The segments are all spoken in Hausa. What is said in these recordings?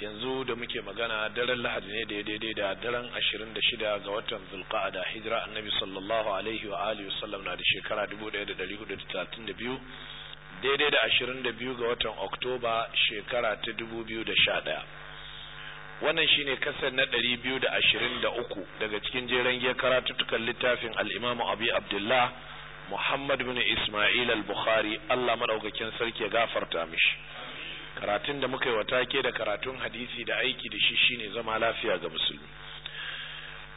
yanzu da muke magana daren lahadi ne da ya daidai da daren 26 ga watan zulqa'ada hijira annabi sallallahu alaihi wa alihi wasallam na da shekara biyu daidai da ashirin da biyu ga watan oktoba shekara ta dubu biyu da sha 2011 wannan shine kasar na ɗari biyu da da ashirin uku daga cikin jeren giyar karatuttukan littafin al-imamu abi abdullah muhammad bin isma'il al-bukhari Allah maɗaukakin sarki ya gafarta mishi karatun da muka yi wa take da karatun hadisi da aiki da shi shine zama lafiya ga musulmi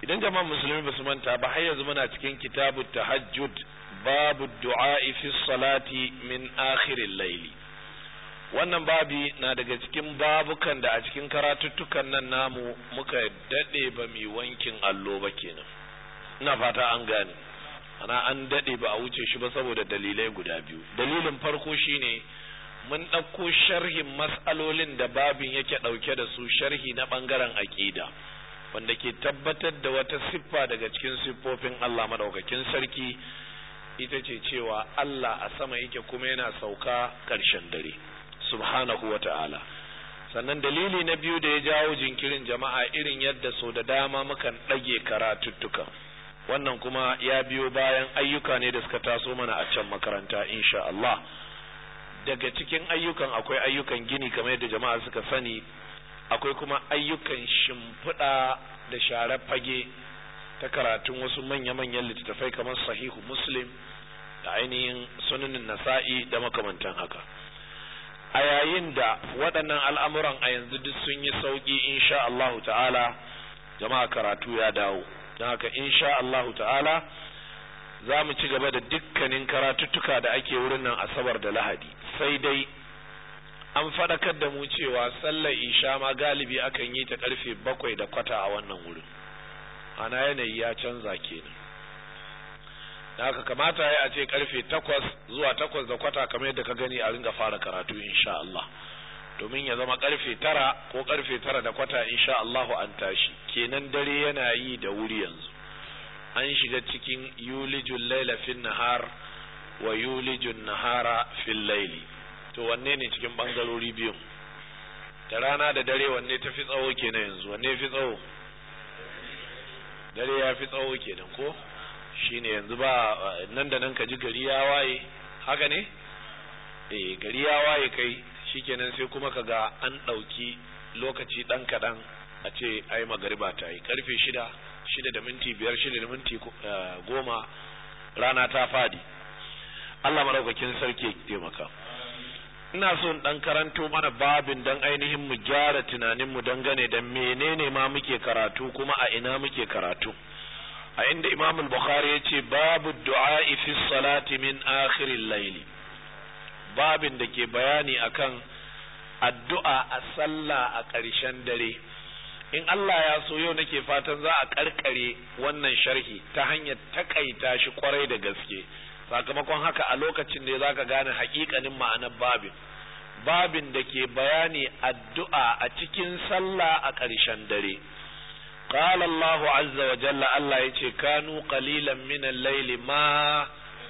idan jama'a musulmi ba su manta ba har yanzu muna cikin kitabu tahajjud babu du'a fi salati min akhiril layli wannan babi na daga cikin babukan da a cikin karatuttukan nan namu muka dade ba mi wankin allo ba kenan ina fata an gane ana an dade ba a wuce shi ba saboda dalilai guda biyu dalilin farko shine mun ɗauko sharhin mas'alolin da babin yake ɗauke da su sharhi na ɓangaren aƙida wanda ke tabbatar da wata siffa daga cikin siffofin Allah madaukakin sarki ita ce cewa Allah a sama yake kuma yana sauka ƙarshen dare subhanahu wa ta'ala sannan dalili na biyu da ya jawo jinkirin jama'a irin yadda so da dama mukan ɗage karatuttuka wannan kuma ya biyo bayan ayyuka ne da suka taso mana a can makaranta insha Allah daga cikin ayyukan akwai ayyukan gini kamar yadda jama'a suka sani akwai kuma ayyukan shimfiɗa da share fage ta karatun wasu manya-manyan littattafai kamar sahihu muslim da ainihin sunanin nasa'i da makamantan haka a yayin da waɗannan al'amuran a yanzu duk sun yi sauƙi insha Allahu ta'ala jama'a karatu ya dawo don haka insha Allahu ta'ala za mu ci gaba da dukkanin karatuttuka da ake wurin nan asabar da lahadi sai dai an faɗakar da mu cewa sallar isha ma galibi akan yi ta karfe bakwai da kwata a wannan wurin ana yanayi ya canza kenan da haka kamata ya ce karfe takwas zuwa takwas da kwata kamar yadda ka gani a ringa fara karatu insha Allah domin ya zama karfe tara ko karfe tara da kwata insha Allah an tashi kenan dare yana yi da wuri yanzu an shiga cikin yulijul laila fin nahar wa yulijun nahara fil laili to wanne ne cikin bangarori biyu da rana da dare wanne ta fi tsawo kenan yanzu wanne fi tsawo dare ya fi tsawo kenan ko shine yanzu ba nan da nan ka ji gari ya waye haka ne eh gari ya waye kai shikenan sai kuma ka ga an ɗauki lokaci ɗan kaɗan a ce ai magariba ta yi karfe shida shida da minti biyar shida da minti eh, goma rana ta fadi Allah maraukakin sarki ya taimaka ina so in ɗan karanto mana babin dan ainihin mu gyara tunanin mu dangane da menene ma muke karatu kuma a ina muke karatu a inda Imam al-Bukhari yace babu du'a fi salati min akhirin laili babin da ke bayani akan addu'a a sallah a ƙarshen dare in Allah ya so yau nake fatan za a ƙarƙare wannan sharhi ta hanyar taƙaita shi kwarai da gaske sakamakon haka a lokacin ne zaka gane haƙiƙanin ma'anar babin babin da ke bayani addu'a a cikin sallah a ƙarshen dare qala Allahu azza wa jalla Allah yace kanu qalilan min al-layli ma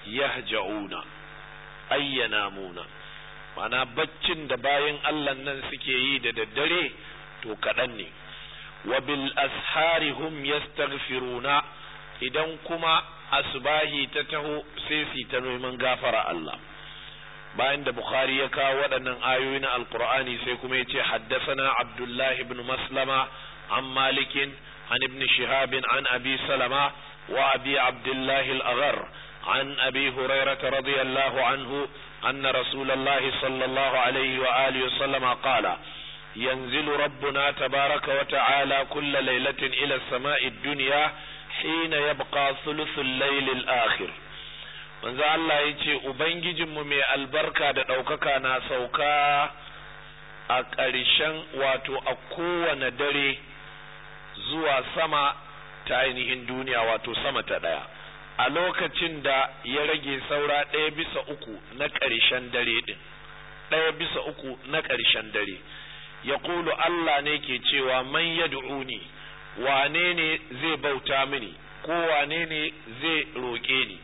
yahja'una ayyanamuna mana baccin da bayan Allah nan suke yi da daddare to kaɗan ne wa bil ashari hum yastaghfiruna idan kuma asubahi ta taho sai su ta neman gafara Allah bayan da bukhari ya kawo waɗannan ayoyi na alkur'ani sai kuma ya ce haddasana abdullahi ibn maslama an malikin an ibn shihabin an abi salama wa abi abdullahi al-aghar عن أبي هريرة رضي الله عنه أن رسول الله صلى الله عليه وآله وسلم قال ينزل ربنا تبارك وتعالى كل ليلة إلى السماء الدنيا hina yabqa thuluthul laylil akhir manzo Allah yace ubangijinmu mai albarka da daukaka na sauka a ƙarshen wato a kowane dare zuwa sama ta ainihin duniya wato sama ta daya a lokacin da ya rage saura ɗaya bisa uku na ƙarshen dare din ɗaya bisa uku na ƙarshen dare ya Allah ne ke cewa man yad'uni wane ne zai bauta mini ko wane ne zai roƙe ni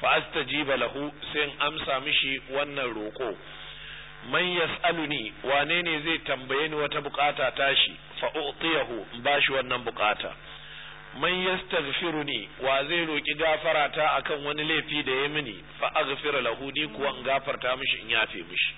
fa lahu sai in amsa mishi wannan roƙo man yas'aluni wane ne zai tambaye ni wata bukata tashi fa utiyahu bashi wannan bukata man yastaghfiruni wa zai roki gafara ta akan wani laifi da ya mini fa aghfir lahu ni kuwa in gafarta mishi in yafe mishi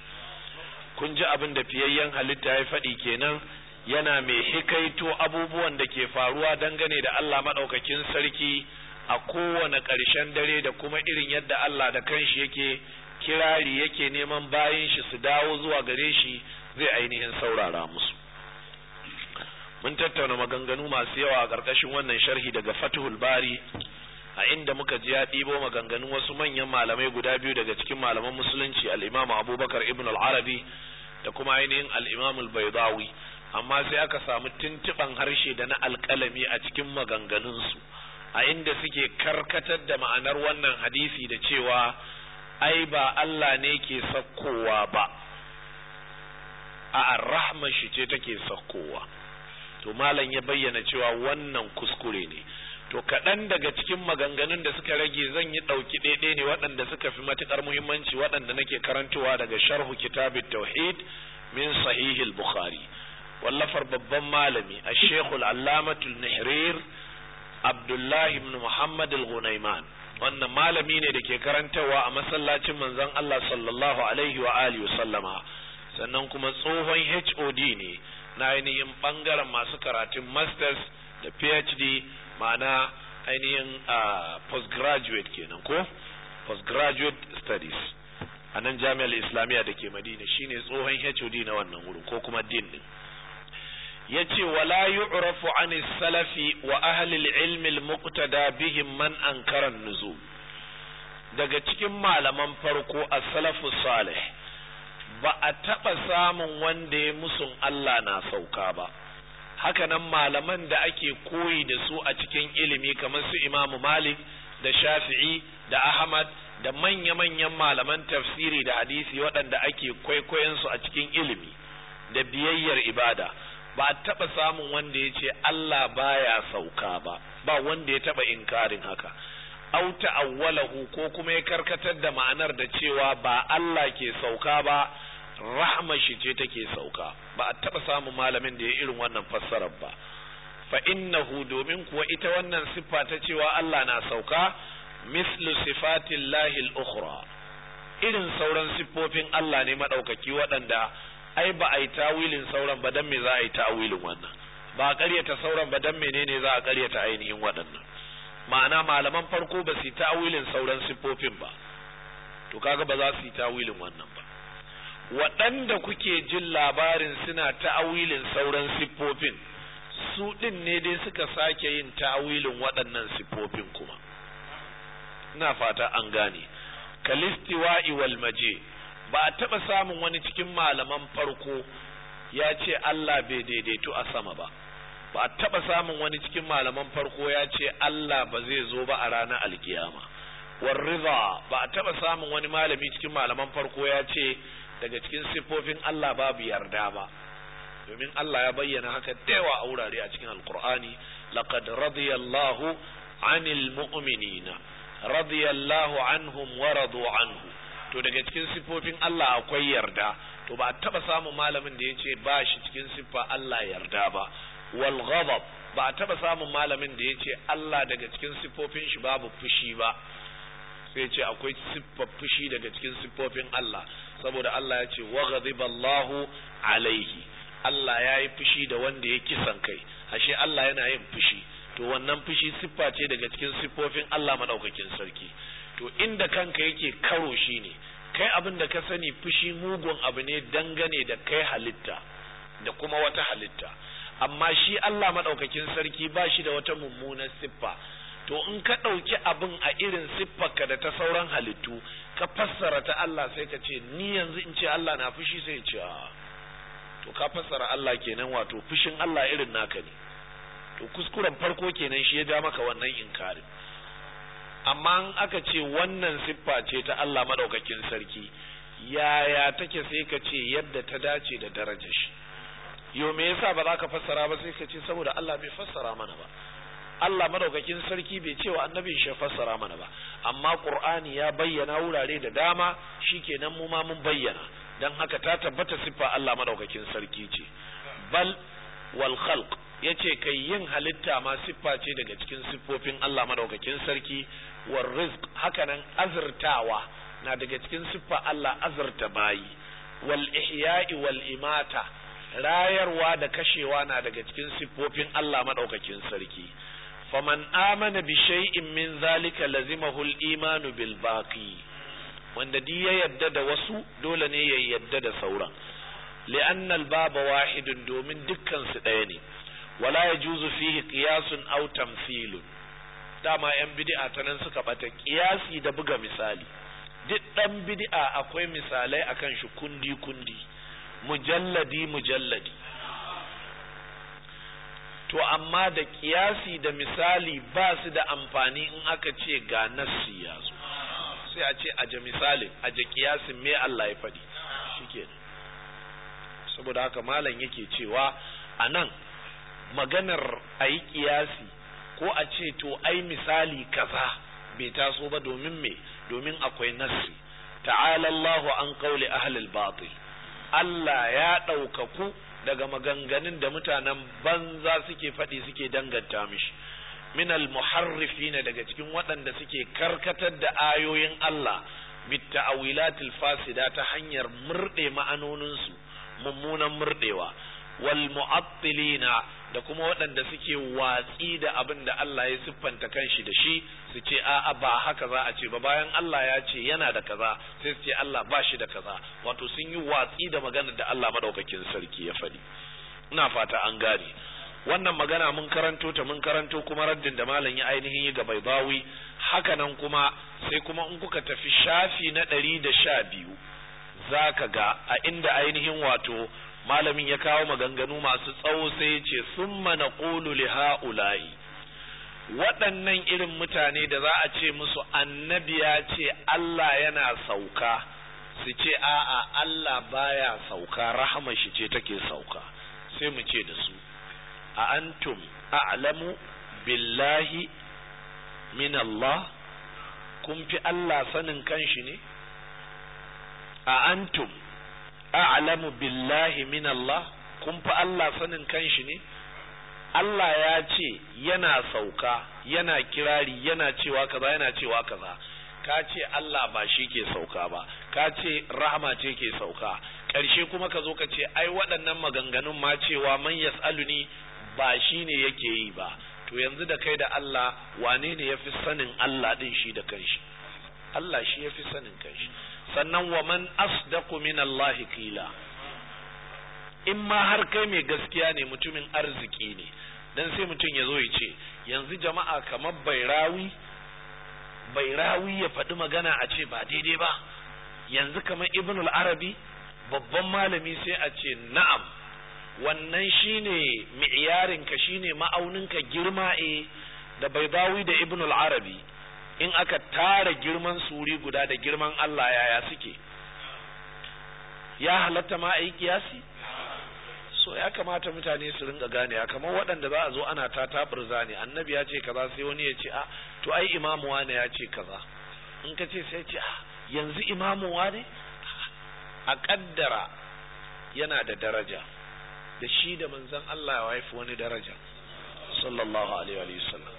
kun ji abin da fiyayyen halitta ya faɗi kenan yana mai hikaito abubuwan da ke faruwa dangane da Allah maɗaukakin sarki a kowane ƙarshen dare da kuma irin yadda Allah da kanshi yake kirari yake neman bayan shi su dawo zuwa gare shi zai ainihin saurara musu mun tattauna maganganu masu yawa a ƙarƙashin wannan sharhi daga fatihul bari a inda muka ji ya ɗibo maganganu wasu manyan malamai guda biyu daga cikin malaman musulunci al'imamu abubakar ibn al-arabi da kuma ainihin al'imamu al baydawi amma sai aka samu tuntuɓan harshe da na alƙalami a cikin maganganunsu a inda suke karkatar da ma'anar wannan hadisi da cewa ai ba Allah ne ke sakkowa ba a rahman shi ce take sakkowa to malam ya bayyana cewa wannan kuskure ne to kaɗan daga cikin maganganun da suka rage zan yi ɗauki ɗaiɗai ne waɗanda suka fi matuƙar muhimmanci waɗanda nake karantowa daga sharhu kitabit tauhid min sahihil bukhari wallafar babban malami a shekul allamatul nihrir abdullahi ibn muhammad al wannan malami ne da ke karantarwa a masallacin manzon Allah sallallahu alaihi wa alihi sallama sannan kuma tsohon HOD ne na ainihin bangaren masu karatun masters da PhD ma'ana ainihin postgraduate kenan ko postgraduate studies a nan jami'ar islamiyya da ke madina shine tsohon HOD na wannan wurin ko kuma din din Ya ce wala yu'rafu an salafi wa ahli al-ilm al-muqtada bihim man ankara nuzul daga cikin malaman farko a salafu salih ba a taɓa samun wanda ya musun Allah na sauka ba hakanan malaman da ake koyi da su a cikin ilimi kamar su imamu malik da shafi'i da ahmad da manya-manyan malaman tafsiri da hadisi waɗanda ake kwaikwayon su a cikin ilimi da biyayyar ibada ba a taba samun wanda ya ce Allah baya sauka ba ba wanda ya taba inkarin haka Auta awwalahu ko kuma ya karkatar da ma'anar da cewa ba Allah ke sauka ba rahma shi ce take sauka ba a taba samun malamin da ya irin wannan fassarar ba fa innahu domin kuwa ita wannan siffa ta cewa Allah na sauka mislu sifatillahi al-ukhra irin sauran siffofin Allah ne madaukaki waɗanda ai ba a yi tawilin sauran ba dan me za a tawilin wannan ba a karyata sauran ba dan menene za a karyata ainihin waɗannan ma'ana malaman farko ba su yi tawilin sauran siffofin ba to kaga ba za su yi tawilin wannan ba waɗanda kuke jin labarin suna ta'awilin sauran siffofin su ɗin ne dai suka sake yin tawilin waɗannan siffofin kuma ina fata an gane kalistiwa'i wal maje ba a taɓa samun wani cikin malaman farko ya ce Allah bai daidaito a sama ba ba a taɓa samun wani cikin malaman farko ya ce Allah ba zai zo ba a ranar alkiyama warriza ba a taɓa samun wani malami cikin malaman farko ya ce daga cikin siffofin Allah babu yarda ba domin Allah ya bayyana haka yawa a wurare a cikin alkur'ani laqad radiyallahu anil mu'minina radiyallahu anhum wa radu anhu to daga cikin sifofin Allah akwai yarda to ba taba samun malamin da yace ba shi cikin siffa Allah yarda ba wal ghadab ba taba samun malamin da yace Allah daga cikin siffofin shi babu fushi ba sai ce akwai siffa fushi daga cikin siffofin Allah saboda Allah ya ce wa ghadiballahu alaihi Allah ya yi fushi da wanda ya kisan kai ashe Allah yana yin fushi to wannan fushi siffa ce daga cikin siffofin Allah madaukakin sarki to inda kanka yake karo shi ne kai abin da ka sani fushi mugun abu ne dangane da kai halitta da kuma wata halitta amma shi Allah maɗaukakin sarki ba shi da wata mummunar siffa to in ka ɗauki abin a irin siffarka da ta sauran halittu ka fassara ta Allah sai ka ce ni yanzu in ce Allah na fushi sai ce to ka fassara Allah kenan wato fushin Allah irin naka ne to kuskuren farko kenan shi ya ja maka wannan inkarin amma in aka ce wannan siffa ce ta Allah madaukakin sarki yaya take sai ka ce yadda ta dace da darajar shi yo me yasa ba za ka fassara ba sai ka ce saboda Allah bai fassara mana ba Allah madaukakin sarki bai ce wa annabi shi fassara mana ba amma Qur'ani ya bayyana wurare da dama shikenan mu ma mun bayyana dan haka ta tabbata siffa Allah madaukakin sarki ce bal wal khalq yace kai yin halitta ma siffa ce daga cikin siffofin Allah madaukakin sarki war rizq hakanan azurtawa na daga cikin siffa Allah azurta bayi wal ihya'i wal imata rayarwa da kashewa na daga cikin siffofin Allah madaukakin sarki faman amana bi shay'in min zalika lazimahu al imanu bil baqi wanda duk ya yadda da wasu dole ne ya yadda da sauran li'anna al-baba wahidun domin dukkansu ɗaya ne wala yajuzu fihi qiyasun aw tamthilun dama yan bid'a ta nan suka bata kiyasi da buga misali duk dan bid'a akwai misalai akan shi kundi kundi mujalladi mujalladi to amma da kiyasi da misali ba su da amfani in aka ce ga nassi ya zo sai a ce aje misali aje kiyasin me Allah ya faɗi shikenan saboda haka malam yake cewa a nan maganar a yi kiyasi ko a ce to ai misali kaza bai taso ba domin me domin akwai nassi ta'ala Allahu an kauli ahlil batil Allah ya ɗaukaku daga maganganun da mutanen banza suke faɗi suke danganta mishi min al na daga cikin waɗanda suke karkatar da ayoyin Allah bit ta'awilatil fasida ta hanyar murɗe ma'anoninsu mummunan murdewa wal mu'attilina da kuma waɗanda suke watsi da abin da Allah ya siffanta kanshi da shi su ce a'a ba haka za a ce ba bayan Allah ya ce yana da kaza sai su ce Allah ba shi da kaza wato sun yi watsi da maganar da Allah madaukakin sarki ya faɗi ina fata an gane wannan magana mun karanto ta mun karanto kuma raddin da malam ya ainihin yi ga bawi haka nan kuma sai kuma in kuka tafi shafi na ɗari da sha biyu za ka ga a inda ainihin wato malamin ya kawo maganganu masu tsawo sai ce sun mana li ha'ula'i waɗannan irin mutane da za a ce musu annabi ya ce Allah yana sauka su ce a'a Allah baya sauka rahama shi ce take sauka sai mu ce da su a antum a'lamu billahi min Allah kun fi Allah sanin kanshi ne a antum a'lamu billahi min Allah kun fa Allah sanin kanshi ne Allah ya ce yana sauka yana kirari yana cewa kaza yana cewa kaza ka ce Allah ba shi ke sauka ba ka ce rahama ce ke sauka ƙarshe kuma ka zo ka ce ai waɗannan maganganun ma cewa man yas'aluni ba shi ne yake yi ba to yanzu da kai da Allah wane ne ya fi sanin Allah ɗin shi da kanshi Allah shi ya fi sanin kanshi sannan wa man asdaqu min Allah kila in ma har kai mai gaskiya ne mutumin arziki ne dan sai mutum ya zo ya ce yanzu jama'a kamar bairawi bairawi ya faɗi magana a ce ba daidai ba yanzu kamar ibnul arabi babban malami sai a ce na'am wannan shine mi'yarinka shine ma'auninka girma e da baibawi da ibnul arabi in aka tara girman suri guda da girman Allah yaya suke ya halatta ma a yi kiyasi so ya kamata mutane su rinka gane ya kamar waɗanda za a zo ana ta tabar zane annabi ya ce kaza sai wani ya ce a ah, to ai imamu wane ya ce kaza in ka ce sai ce a ah, yanzu imamu wane a ƙaddara yana da daraja da shi da manzan Allah ya haifi wani daraja sallallahu alaihi wa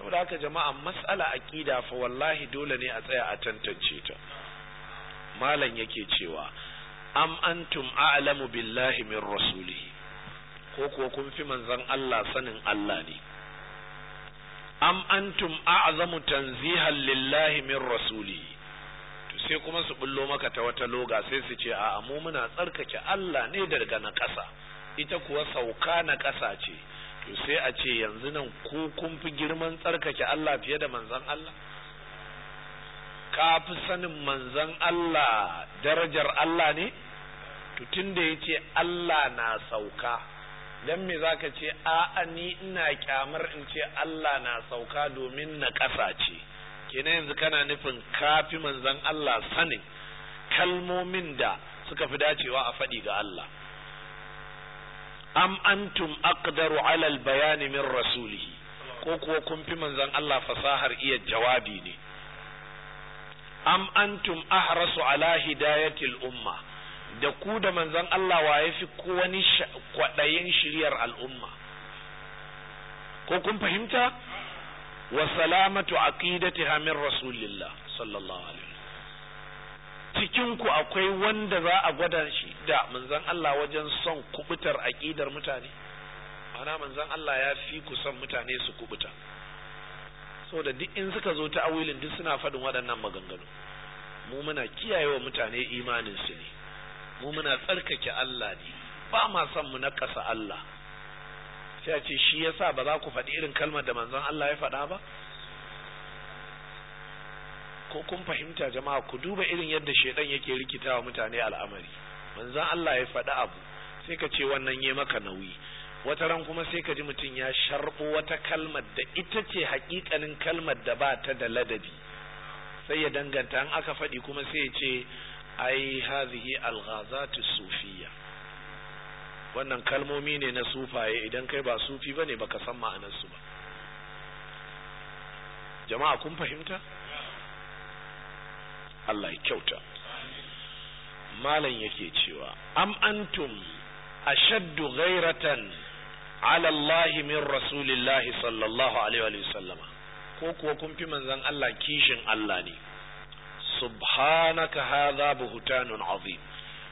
saboda haka jama'a mas'ala aqida fa wallahi dole ne a tsaya a tantance ta malam yake cewa am antum a'lamu billahi min rasulihi ko ko kun fi manzon Allah sanin Allah ne am antum a'zamu tanzihan lillahi min rasulihi to sai kuma su bullo maka ta wata loga sai su ce a'a mu muna tsarkake Allah ne daga na ƙasa ita kuwa sauka na ƙasa ce to sai a ce yanzu nan ko kun fi girman tsarkake Allah fiye da manzan Allah ka fi sanin manzan Allah darajar Allah ne to tunda ce Allah na sauka dan me za ka ce a'a ni ina kyamar in ce Allah na sauka domin na ƙasa ce kenan yanzu kana nufin ka fi manzan Allah sanin kalmomin da suka fi dacewa a faɗi ga Allah am antum aqdaru ala al-bayani min rasulihi ko kuwa kun fi manzon Allah fasahar iya jawabi ne am antum ahrasu ala hidayatil umma da ku da manzon Allah wa yafi ko wani kwadayin shiryar al'umma ko kun fahimta wa salamatu aqidatiha min rasulillah sallallahu alaihi cikinku akwai wanda za a gwada shi da manzan Allah wajen son kubutar aƙidar mutane ana manzan Allah ya fi ku son mutane su kubuta da duk in suka zo ta awilin duk suna faɗin waɗannan maganganu mu muna kiyayewa mutane imanin su ne mu muna tsarkake Allah ne ba ma son mu naƙasa Allah sai ce shi yasa ba za ku faɗi irin kalmar da manzon Allah ya faɗa ba ko kun fahimta jama'a ku duba irin yadda shaidan yake rikita wa mutane al'amari manzon Allah ya faɗi abu sai ka ce wannan ya maka nauyi wata ran kuma sai ka ji mutum ya sharɓo wata kalmar da ita ce haƙiƙanin kalmar da ba ta da ladabi sai ya danganta an aka faɗi kuma sai ya ce ai hazihi alghazatu sufiya wannan kalmomi ne na sufaye idan kai ba sufi bane baka san ma'anar su ba jama'a kun fahimta Allah ya kyauta malam yake cewa am antum ashaddu ghairatan ala Allah min rasulillah sallallahu alaihi wa sallama ko kuwa kun fi manzon Allah kishin Allah ne subhanaka hadha buhtanun azim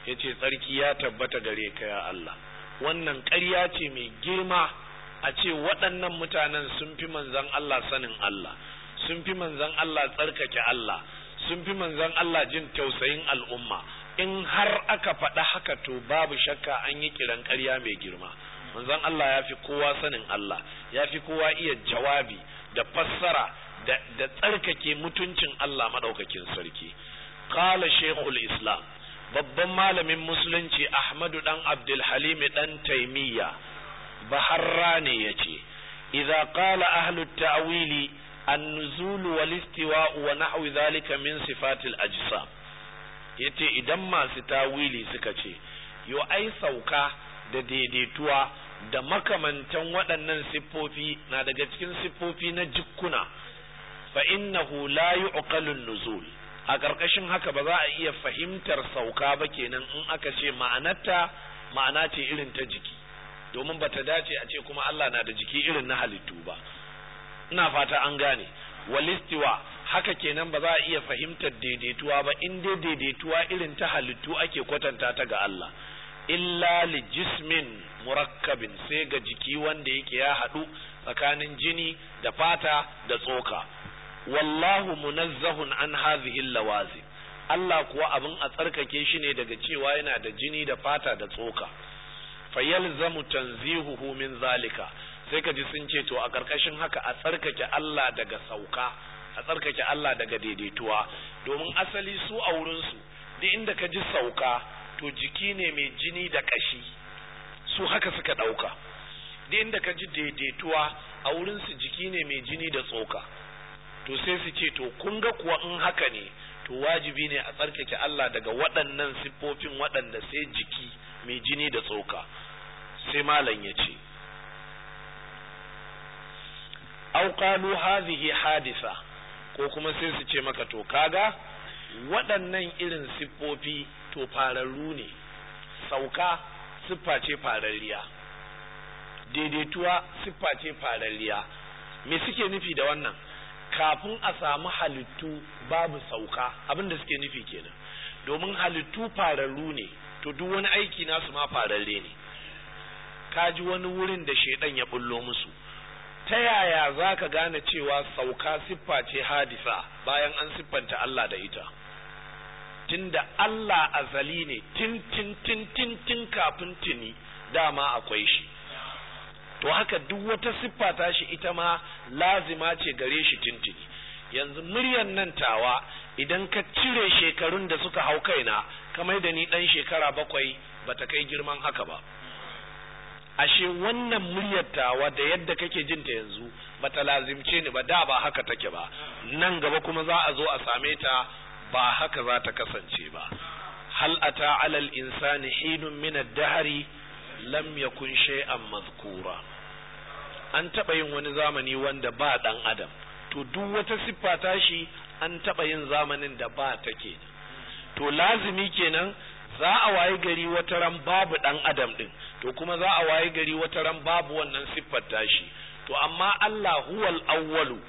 yace tsarki ya tabbata gare ka ya Allah wannan ƙarya ce mai girma a ce waɗannan mutanen sun fi manzon Allah sanin Allah sun fi manzon Allah tsarkake Allah sun fi manzon Allah jin tausayin al'umma in har aka faɗa haka to babu shakka an yi kiran ƙarya mai girma manzon Allah ya fi kowa sanin Allah ya fi kowa iya jawabi da fassara da tsarkake mutuncin Allah maɗaukakin sarki ƙala shekul islam babban malamin musulunci ahmadu ɗan abdulhalimi ɗan taimiyya baharra ne ya ce idza kala ahlut ta'wili an-nuzul wal istiwa wa nahwi zalika min sifatil ajsam yace idan masu tawili suka ce yo ai sauka da daidaituwa da makamantan waɗannan siffofi na daga cikin siffofi na jikkuna fa innahu la yu'qalu nuzul a ƙarƙashin haka ba za a iya fahimtar sauka ba kenan in aka ce ma'anata ma'ana ce irin ta jiki domin ba ta dace a ce kuma Allah na da jiki irin na halittu ba ina fata an gane walistiwa haka kenan ba za a iya fahimtar daidaituwa ba in dai daidaituwa irin ta halittu ake kwatanta ta ga Allah illa li jismin murakkabin sai ga jiki wanda yake ya haɗu tsakanin jini da fata da tsoka wallahu munazzahun an hadhihi lawazi Allah kuwa abin a tsarkake shi ne daga cewa yana da jini da fata da tsoka fayalzamu tanzihuhu min zalika sai ka ji sun ce to a ƙarƙashin haka a tsarkake Allah daga sauka a tsarkake Allah daga daidaituwa domin asali su a wurinsu duk inda ka ji sauka to jiki ne mai jini da ƙashi su haka suka ɗauka duk inda ka ji daidaituwa a wurinsu jiki ne mai jini da tsoka to sai su ce to kun ga kuwa in haka ne to wajibi ne a tsarkake Allah daga waɗannan siffofin waɗanda sai jiki mai jini da tsoka sai malam ya ce aw qalu hadhihi hadisa ko kuma sai su ce maka to kaga waɗannan irin siffofi to fararru ne sauka siffa ce fararriya daidaituwa siffa ce fararriya me suke nufi da wannan kafin a samu halittu babu sauka abin da suke nufi kenan domin halittu fararru ne to duk wani aiki nasu ma fararre ne ka ji wani wurin da shaidan ya bullo musu ta yaya za ka gane cewa sauka siffa ce hadisa bayan an siffanta Allah da ita tunda Allah azali ne tin tin tin tin tin kafin tuni dama akwai shi to haka duk wata siffa ta shi ita ma lazima ce gare shi tintini yanzu muryar nan tawa idan ka cire shekarun da suka hau kaina kamar da ni dan shekara bakwai bata kai girman haka ba ashe wannan muryar tawa da yadda kake jin ta yanzu bata lazimce ni ba da ba haka take ba nan gaba kuma za a zo a same ta ba haka za ta kasance ba hal ata alal insani hinun min ad-dahri lam yakun shay'an mazkura an taba yin wani zamani wanda ba dan adam to duk wata siffa shi an taba yin zamanin da ba take to lazimi kenan za a wayi gari wata ran babu dan adam din to kuma za a waye gari wata ran babu wannan siffar tashi to amma Allah huwal awwalu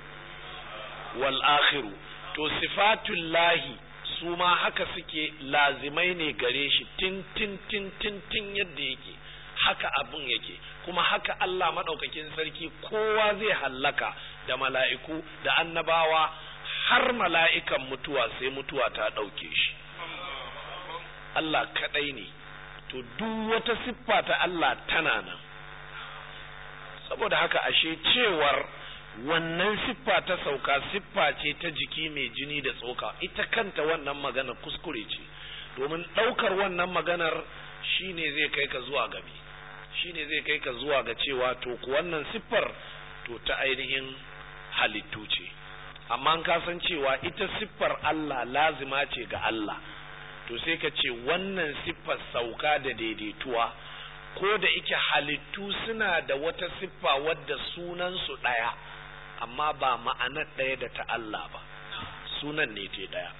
wal akhiru to sifatul lahi su ma haka suke lazimai ne gare shi tin tin tin tin tin yadda yake haka abin yake kuma haka Allah maɗaukakin sarki kowa zai hallaka da mala'iku da annabawa har mala'ikan mutuwa sai mutuwa ta ɗauke shi Allah kaɗai ne to duk wata siffa ta Allah tana nan saboda haka ashe cewar wannan siffa ta sauka siffa ce ta jiki mai jini da tsoka ita kanta wannan magana kuskure ce domin ɗaukar wannan maganar shine zai kai ka zuwa gabi shine zai kai ka zuwa ga cewa to ku wannan siffar to ta ainihin halittu ce amma ka san cewa ita siffar Allah lazima ce ga Allah to sai ka ce wannan siffar sauka da daidaituwa ko da ike halittu suna da wata siffa wadda sunansu ɗaya amma ba ma'anar ɗaya da ta Allah ba sunan ne ta ɗaya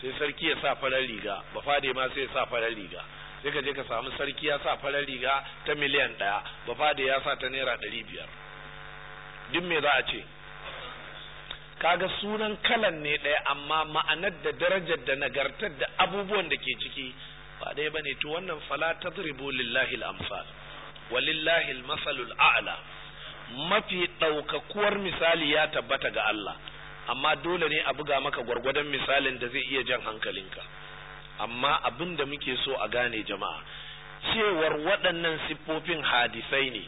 sai sarki ya sa farar riga ba fade ma sai ya sa farar riga sai ka je ka samu sarki ya sa farar riga ta miliyan ɗaya ba fade ya sa ta naira ɗari biyar duk me za a ce kaga sunan kalan ne ɗaya amma ma'anar da darajar da nagartar da abubuwan da ke ciki ba ɗaya ba ne, to wannan fala tadribu lillahi al’amfal amsal walillahi al-masalul a'la mafi ɗaukakuwar misali ya tabbata ga Allah amma dole ne a buga maka gwargwadon misalin da zai iya jan hankalinka amma abin da muke so a gane jama'a cewar waɗannan siffofin hadisai ne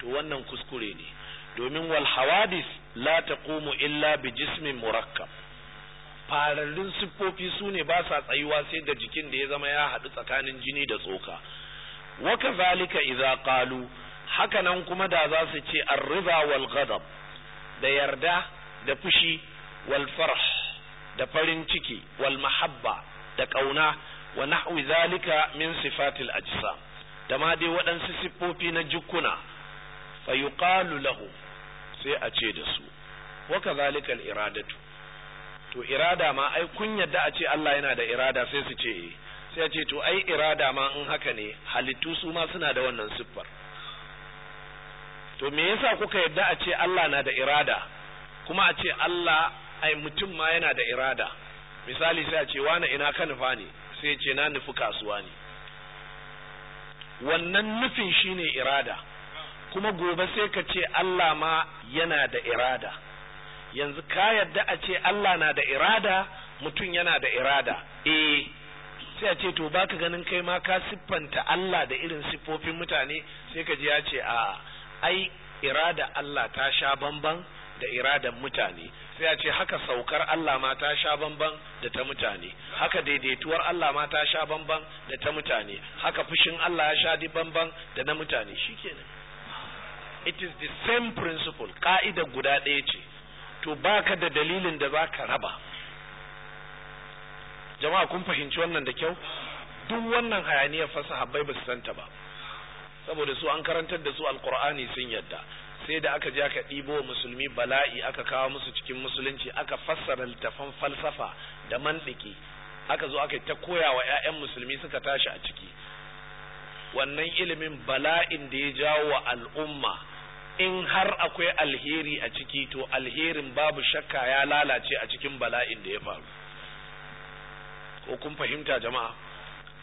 to wannan kuskure ne domin wal hawadis la taqumu illa bi jismin murakkab fararrun siffofi su ne ba sa tsayuwa sai da jikin da ya zama ya haɗu tsakanin jini da tsoka wa kazalika idza qalu haka nan kuma da za su ce arriba wal ghadab da yarda da fushi wal farh da farin ciki wal mahabba da kauna wa nahwi zalika min sifatil ajsam da ma dai waɗansu siffofi na jukkuna fa yuqalu lahum sai a ce da su wa kadhalikal iradatu to irada ma ai kun yadda a ce Allah yana da irada sai su ce eh. sai a ce to ai irada ma in haka ne halittu su ma suna da wannan siffar to me yasa kuka yadda a ce Allah na da irada kuma a ce Allah ai mutum ma yana da irada misali sai a ce wani ina ka nufa ne sai ce na nufi kasuwa ne wannan nufin shine irada kuma gobe sai ka ce Allah ma yana da irada yanzu ka yadda a ce Allah na da irada mutum yana da irada eh sai a ce to baka ganin kai ma ka siffanta Allah da irin siffofin mutane sai ka ji ya ce a ai irada Allah ta sha bamban da iradan mutane sai a ce haka saukar Allah ma ta sha bamban da ta mutane haka daidaituwar Allah ma ta sha bamban da ta mutane haka fushin Allah ya sha bamban da na mutane shikenan it is the same principle ka'idar guda ɗaya ce to baka da dalilin da zaka raba jama'a kun fahimci wannan da kyau duk wannan hayaniyar fasaha bai ba su santa ba saboda su an karantar da su alkur'ani sun yadda sai da aka je aka ɗibo musulmi bala'i aka kawo musu cikin musulunci aka fassara littafan falsafa da mantiki aka zo aka ta koya wa 'ya'yan musulmi suka tashi a ciki wannan ilimin bala'in da ya jawo wa al'umma in har akwai alheri a ciki to alherin babu shakka ya lalace a cikin bala'in da ya faru ko kun fahimta jama'a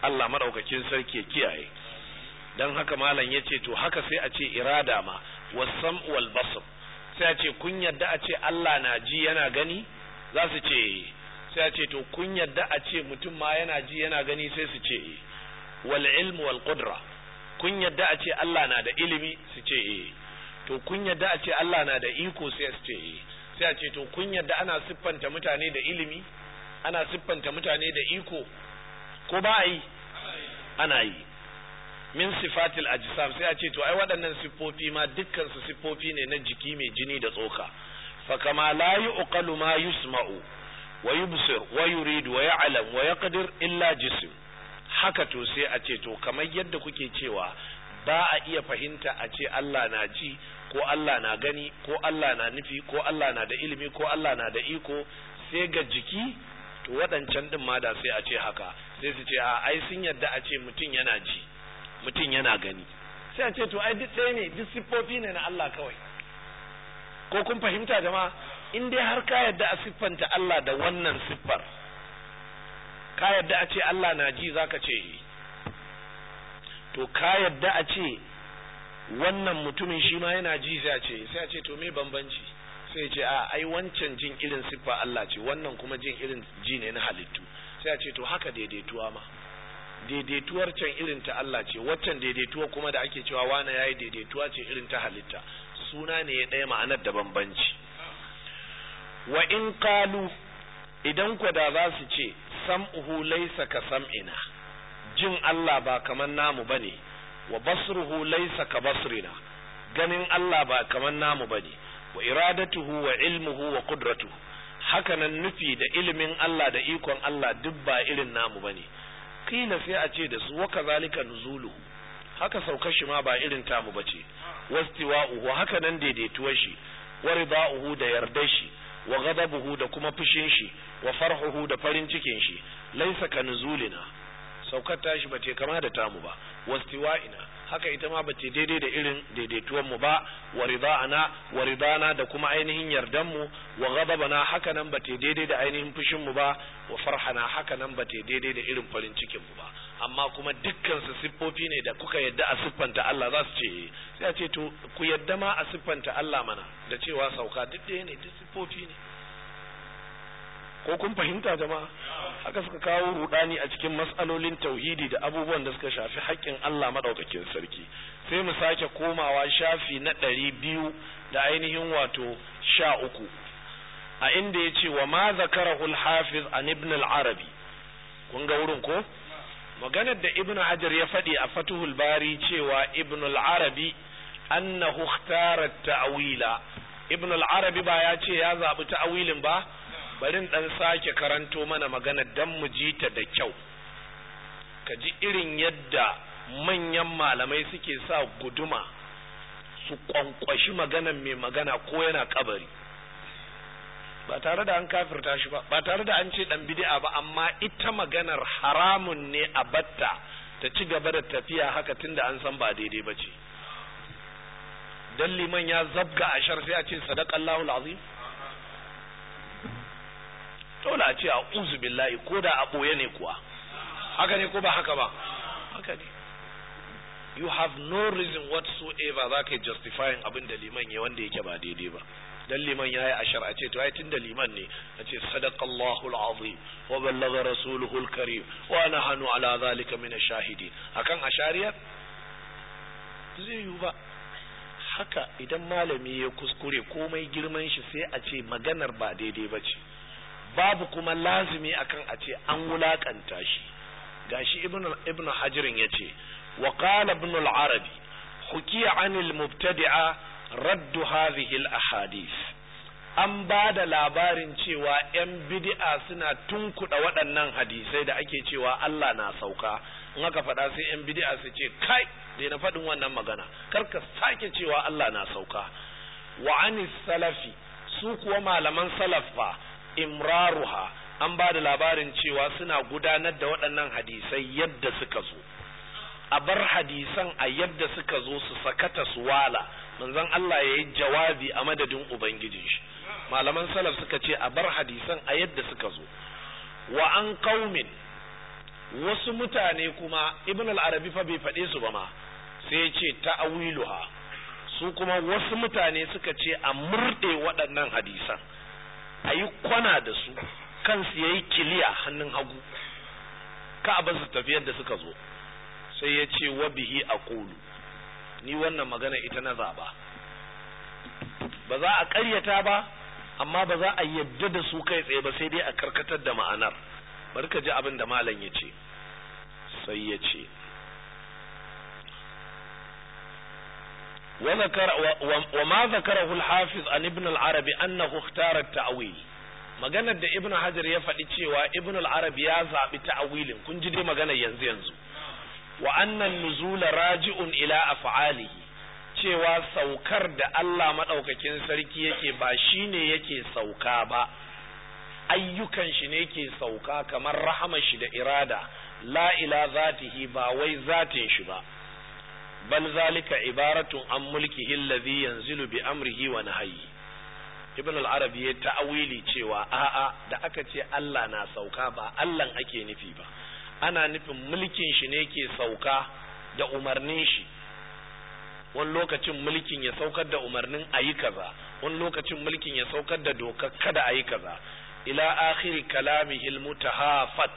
Allah madaukakin sarki ya kiyaye dan haka malam yace to haka sai a ce irada ma wasam wal basar sai a ce kun yadda a ce Allah na ji yana gani za su ce sai a ce to kun yadda a ce mutum ma yana ji yana gani sai su ce wal ilmu wal qudra kun yadda a ce Allah na da ilimi su ce eh to kun yadda a ce Allah na da iko sai a ce eh, sai a ce to kun yadda ana siffanta mutane da ilimi ana siffanta mutane da iko ko ba a yi ana yi min sifatil ajsam sai a ce to ai waɗannan siffofi ma dukkan su siffofi ne na jiki mai jini da tsoka fa kama la yuqalu ma yusma'u wa yubsir wa yurid wa ya'lam wa yaqdir illa jism haka to sai a ce to kamar yadda kuke cewa ba a iya fahimta a ce Allah na ji ko Allah na gani ko Allah na nufi ko Allah na da ilimi ko Allah na da iko sai ga jiki to waɗancan ɗin ma da sai a ce haka sai su ce a ai sun yadda a ce mutum yana ji mutum yana gani sai a ce to ai duk ɗaya ne duk siffofi ne na Allah kawai ko kun fahimta jama'a in dai har ka yadda a siffanta Allah da wannan siffar ka yadda a ce Allah na ji zaka ce eh. to ka yadda a ce wannan mutumin shi ma yana ji sai ce sai a ce to me bambanci sai ce a ai wancan jin irin siffa Allah ce wannan kuma jin irin ji ne na halittu sai a ce to haka daidaituwa ma daidaituwar can irin ta Allah ce waccan daidaituwa kuma da ake cewa wani yayi daidaituwa ce irin ta halitta suna ne ya ɗaya ma'anar da bambanci wa in kalu idan ku da za su ce sam'uhu laysa ka sam'ina jin Allah ba kamar namu bane wa basruhu laysa ka basrina ganin Allah ba kamar namu bane wa iradatuhu wa ilmuhu wa qudratuhu hakanan nufi da ilimin Allah da ikon Allah duk ba irin namu bane kila sai a ce da su wa kazalika nuzulu haka saukar shi ma ba irin tamu bace wastiwa'uhu haka nan daidaituwar shi wa uhu da yardar shi wa ghadabuhu da kuma fushin shi wa farhuhu da farin cikin shi laisa ka nuzulina saukar tashi ba ce kama da tamu ba ina haka ita ma ba ce daidai da irin daidaituwan mu ba wa rida'ana wa ridana da kuma ainihin yardan mu wa ghadabana haka nan ba ce daidai da ainihin fushin mu ba wa farhana haka nan ba ce daidai da irin farin cikin mu ba amma kuma dukkan su siffofi ne da kuka yadda a siffanta Allah za su ce eh, sai a ce to ku yadda ma a siffanta Allah mana da cewa sauka duk ne duk siffofi ne ko kun fahimta jama'a haka suka kawo rudani a cikin matsalolin tauhidi da abubuwan da suka shafi haƙƙin Allah madaukakin sarki sai mu sake komawa shafi na ɗari biyu da ainihin wato sha uku a inda ya ce wa ma zakarahu hafiz an ibn al-arabi kun ga wurin ko maganar da ibn hajar ya faɗi a fatuhul bari cewa ibn al-arabi annahu ikhtara ta'wila ibn al-arabi ba ya ce ya zabi ta'wilin ba barin ɗan sake karanto mana magana dan mu ji ta da kyau ka ji irin yadda manyan malamai suke sa guduma su ƙwanƙwashi maganan mai magana ko yana kabari ba tare da an kafirta shi ba ba tare da an ce dan bid'a ba amma ita maganar haramun ne a batta ta ci gaba da tafiya haka tunda an san ba daidai ba ce dan liman ya zabga ashar sai a ce sadaqallahu alazim dole a ce a uzu billahi ko da a ɓoye ne kuwa haka ne ko ba haka ba haka ne you have no reason whatsoever za ka yi justifying abin da liman ya wanda yake ba daidai ba dan liman ya yi a ce to ai tunda liman ne a ce sadaqallahu alazim wa ballagha rasuluhu alkarim wa nahnu ala zalika min ashahidi akan ashariyar zai yi ba haka idan malami ya kuskure komai girman shi sai a ce maganar ba daidai ba ce babu kuma lazumi akan a ce an wulakanta shi gashi ibn hajirin ya ce wa qala ibn al-arabi hukiya anil mubtadi'a raddu hadhihi al-ahadith an bada labarin cewa 'yan bid'a suna tunkuɗa waɗannan hadisai da ake cewa Allah na sauka in aka faɗa sai 'yan bid'a su ce kai na faɗin wannan magana karka sake cewa Allah na sauka wa anis salafi su kuwa malaman salaf fa imraruha an ba da labarin cewa suna gudanar da waɗannan hadisai yadda suka zo a bar hadisan a yadda suka zo su sakata su wala manzon Allah ya yi jawabi a madadin ubangijin shi malaman salaf suka ce a bar hadisan a yadda suka zo wa an qaumin wasu mutane kuma ibn al-arabi fa bai faɗe su ba ma sai ce ta'awiluha su kuma wasu mutane suka ce a murɗe waɗannan hadisan a yi kwana da su kansu ya yi kiliya hannun hagu ka basu tafiyar da suka zo sai ya ce wa bihi a ƙulu ni wannan magana ita na zaba ba za a ƙaryata ba amma ba za a yadda da su kai tsaye ba sai dai a karkatar da ma'anar bari ka ji abin da malam ya ce sai ya ce وذكر وما ذكره الحافظ عن ابن العربي أنه اختار التأويل maganar da ibn hajar ya faɗi cewa ibn al ya zaɓi ta'awilin kun ji dai maganar yanzu yanzu wa annan nuzula raji'un ila a af'alihi cewa saukar da Allah maɗaukakin sarki yake ba shi ne yake sauka ba ayyukan shi ne ke sauka kamar rahamar shi da irada La'ila zata zatihi ba wai zatin shi ba bal zalika ibaratun an mulki allazi yanzilu bi amrihi wa nahyi ibn al-arabi ya ta'awili cewa a'a da aka ce Allah na sauka ba Allah ake nufi ba ana nufin mulkin shi ne ke sauka da umarnin shi wani lokacin mulkin ya saukar da umarnin ayi kaza wani lokacin mulkin ya saukar da dokar kada ayi kaza ila akhiri kalamihil mutahafat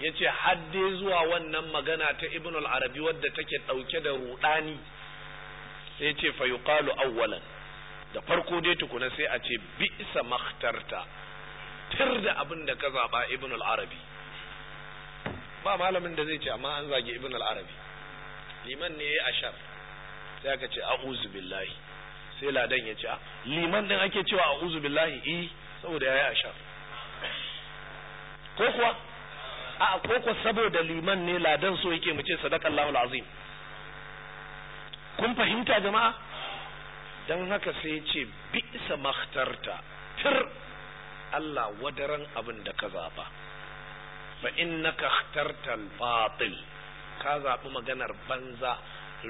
ya ce hadde zuwa wannan magana ta ibn al-arabi wadda take ɗauke da ruɗani sai ce fa yuqalu awwalan da farko dai tukuna sai a ce bi isa makhtarta tir da abin da ka zaba ibn al-arabi ba malamin da zai ce amma an zage ibn al-arabi liman ne ya ashar sai aka ce a'udhu billahi sai ladan ya ce ah, liman din ake cewa a'udhu billahi eh saboda yayi ashar ko kuwa a koko saboda liman ne ladan so yake mu ce sadaqallahu azim kun fahimta jama'a dan haka sai ce bi'sa makhtarta tir Allah wadaran abin da ka zaba fa innaka al batil ka zabi maganar banza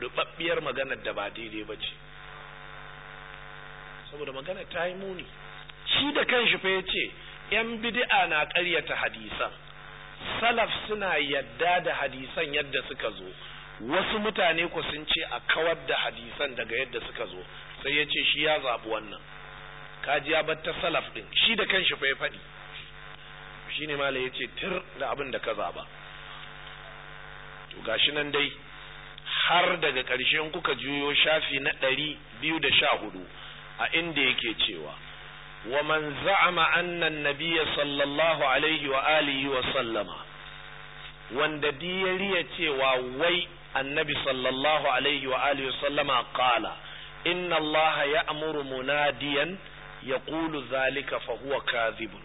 rubabbiyar maganar da ba daidai ba ce saboda magana ta yi muni shi da kanshi fa yace ‘yan bid'a na ƙaryata hadisan salaf suna yadda da hadisan yadda suka zo wasu mutane ku sun ce a kawar da hadisan daga yadda suka zo sai ya ce shi ya zaɓi wannan kaji ya bar ta salaf ɗin shi da kanshi fa ya faɗi shi ne mala ya ce tir da abin da ka zaɓa to gashi nan dai har daga ƙarshen kuka juyo shafi na ɗari biyu da sha hudu a inda yake cewa ومن زعم أن النبي صلى الله عليه وآله وسلم wanda di ya riya cewa wai annabi sallallahu alaihi wa alihi sallama qala inna allaha ya'muru munadiyan yaqulu zalika fa huwa kadhibun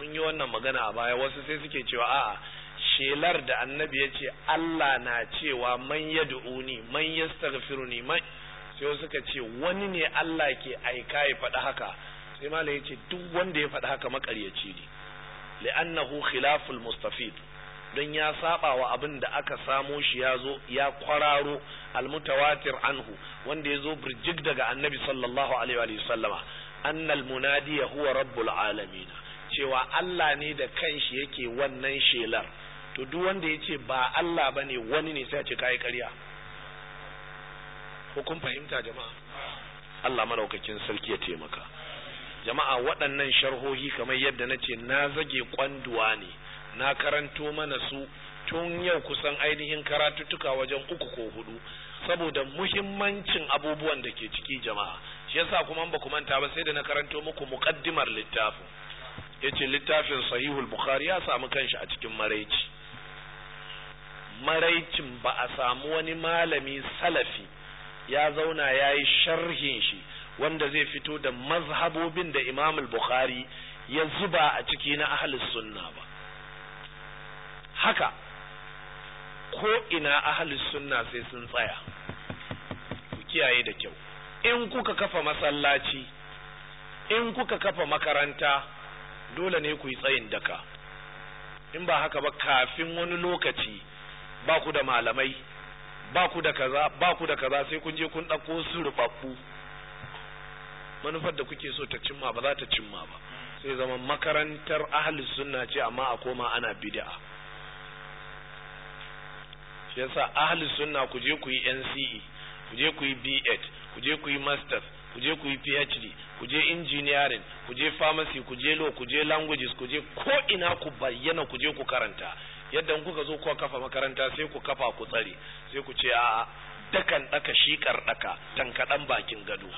mun yi wannan magana a baya wasu sai suke cewa a'a shelar da annabi ya ce Allah na cewa man yad'uni man yastaghfiruni man sai suka ce wani ne Allah ke aika ya faɗi haka sai mala ya ce duk wanda ya faɗi haka makaryaci ne li'annahu khilaful mustafid don ya saba wa abin da aka samo shi ya zo ya kwararo almutawatir anhu wanda ya zo birjik daga annabi sallallahu alaihi wa sallama annal munadi huwa rabbul alamin cewa Allah ne da kanshi yake wannan shelar to duk wanda ya ba Allah ba ne wani ne sai a ce kai ƙarya ko fahimta jama'a Allah madaukakin sarki ya taimaka jama'a waɗannan sharhohi kamar yadda na ce na zage kwanduwa ne na karanto mana su tun yau kusan ainihin karatuttuka wajen uku ko hudu saboda muhimmancin abubuwan da ke ciki jama'a shi yasa kuma ba ku manta ba sai da na karanto muku muqaddimar littafin yace littafin sahihul bukhari ya samu kanshi a cikin maraici maraicin ba a samu wani malami salafi ya zauna yayi sharhin shi wanda zai fito da mazhabobin da imam bukhari ya zuba a ciki na ahlus sunna ba haka ko ina ahlus sunna sai sun tsaya ku kiyaye da kyau in kuka kafa masallaci in kuka kafa makaranta dole ne ku yi tsayin daka in ba haka ba kafin wani lokaci ba ku da malamai ba ku da kaza ba ku da kaza sai kun je kun ɗauko su rubabbu manufar da kuke so ta cimma ba za ta cimma ba sai zama makarantar ahli sunna ce amma a koma ana bid'a shi yasa ahli sunna ku je ku yi NCE ku je ku yi B.Ed ku je ku yi masters ku je ku yi PhD ku je engineering ku je pharmacy ku je law ku je languages ku je ko ina ku bayyana ku je ku karanta yadda kuka zo kuka kafa makaranta sai ku kafa ku tsare sai ku ce a'a dakan daka shikar daka tankadan bakin gado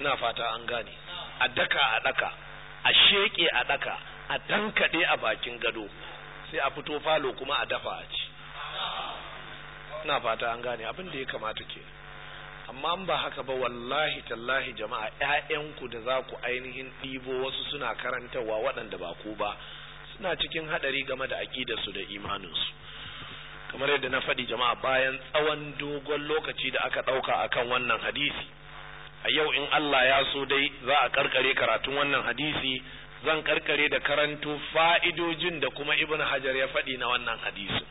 ina fata an gane a daka a daka a sheke a daka a dankade a bakin gado sai a fito falo kuma a dafa a ci ina fata an gane abin da ya kamata ke amma an ba haka ba wallahi tallahi jama'a ƴaƴanku da za ku ainihin ɗibo wasu suna karantarwa waɗanda ba ku ba suna cikin haɗari game da aƙidarsu da imaninsu kamar yadda na faɗi jama'a bayan tsawon dogon lokaci da aka ɗauka akan wannan hadisi a yau in Allah ya so dai za a karkare karatun wannan hadisi zan karkare da karantu fa'idojin da kuma ibn hajar ya faɗi na wannan hadisi.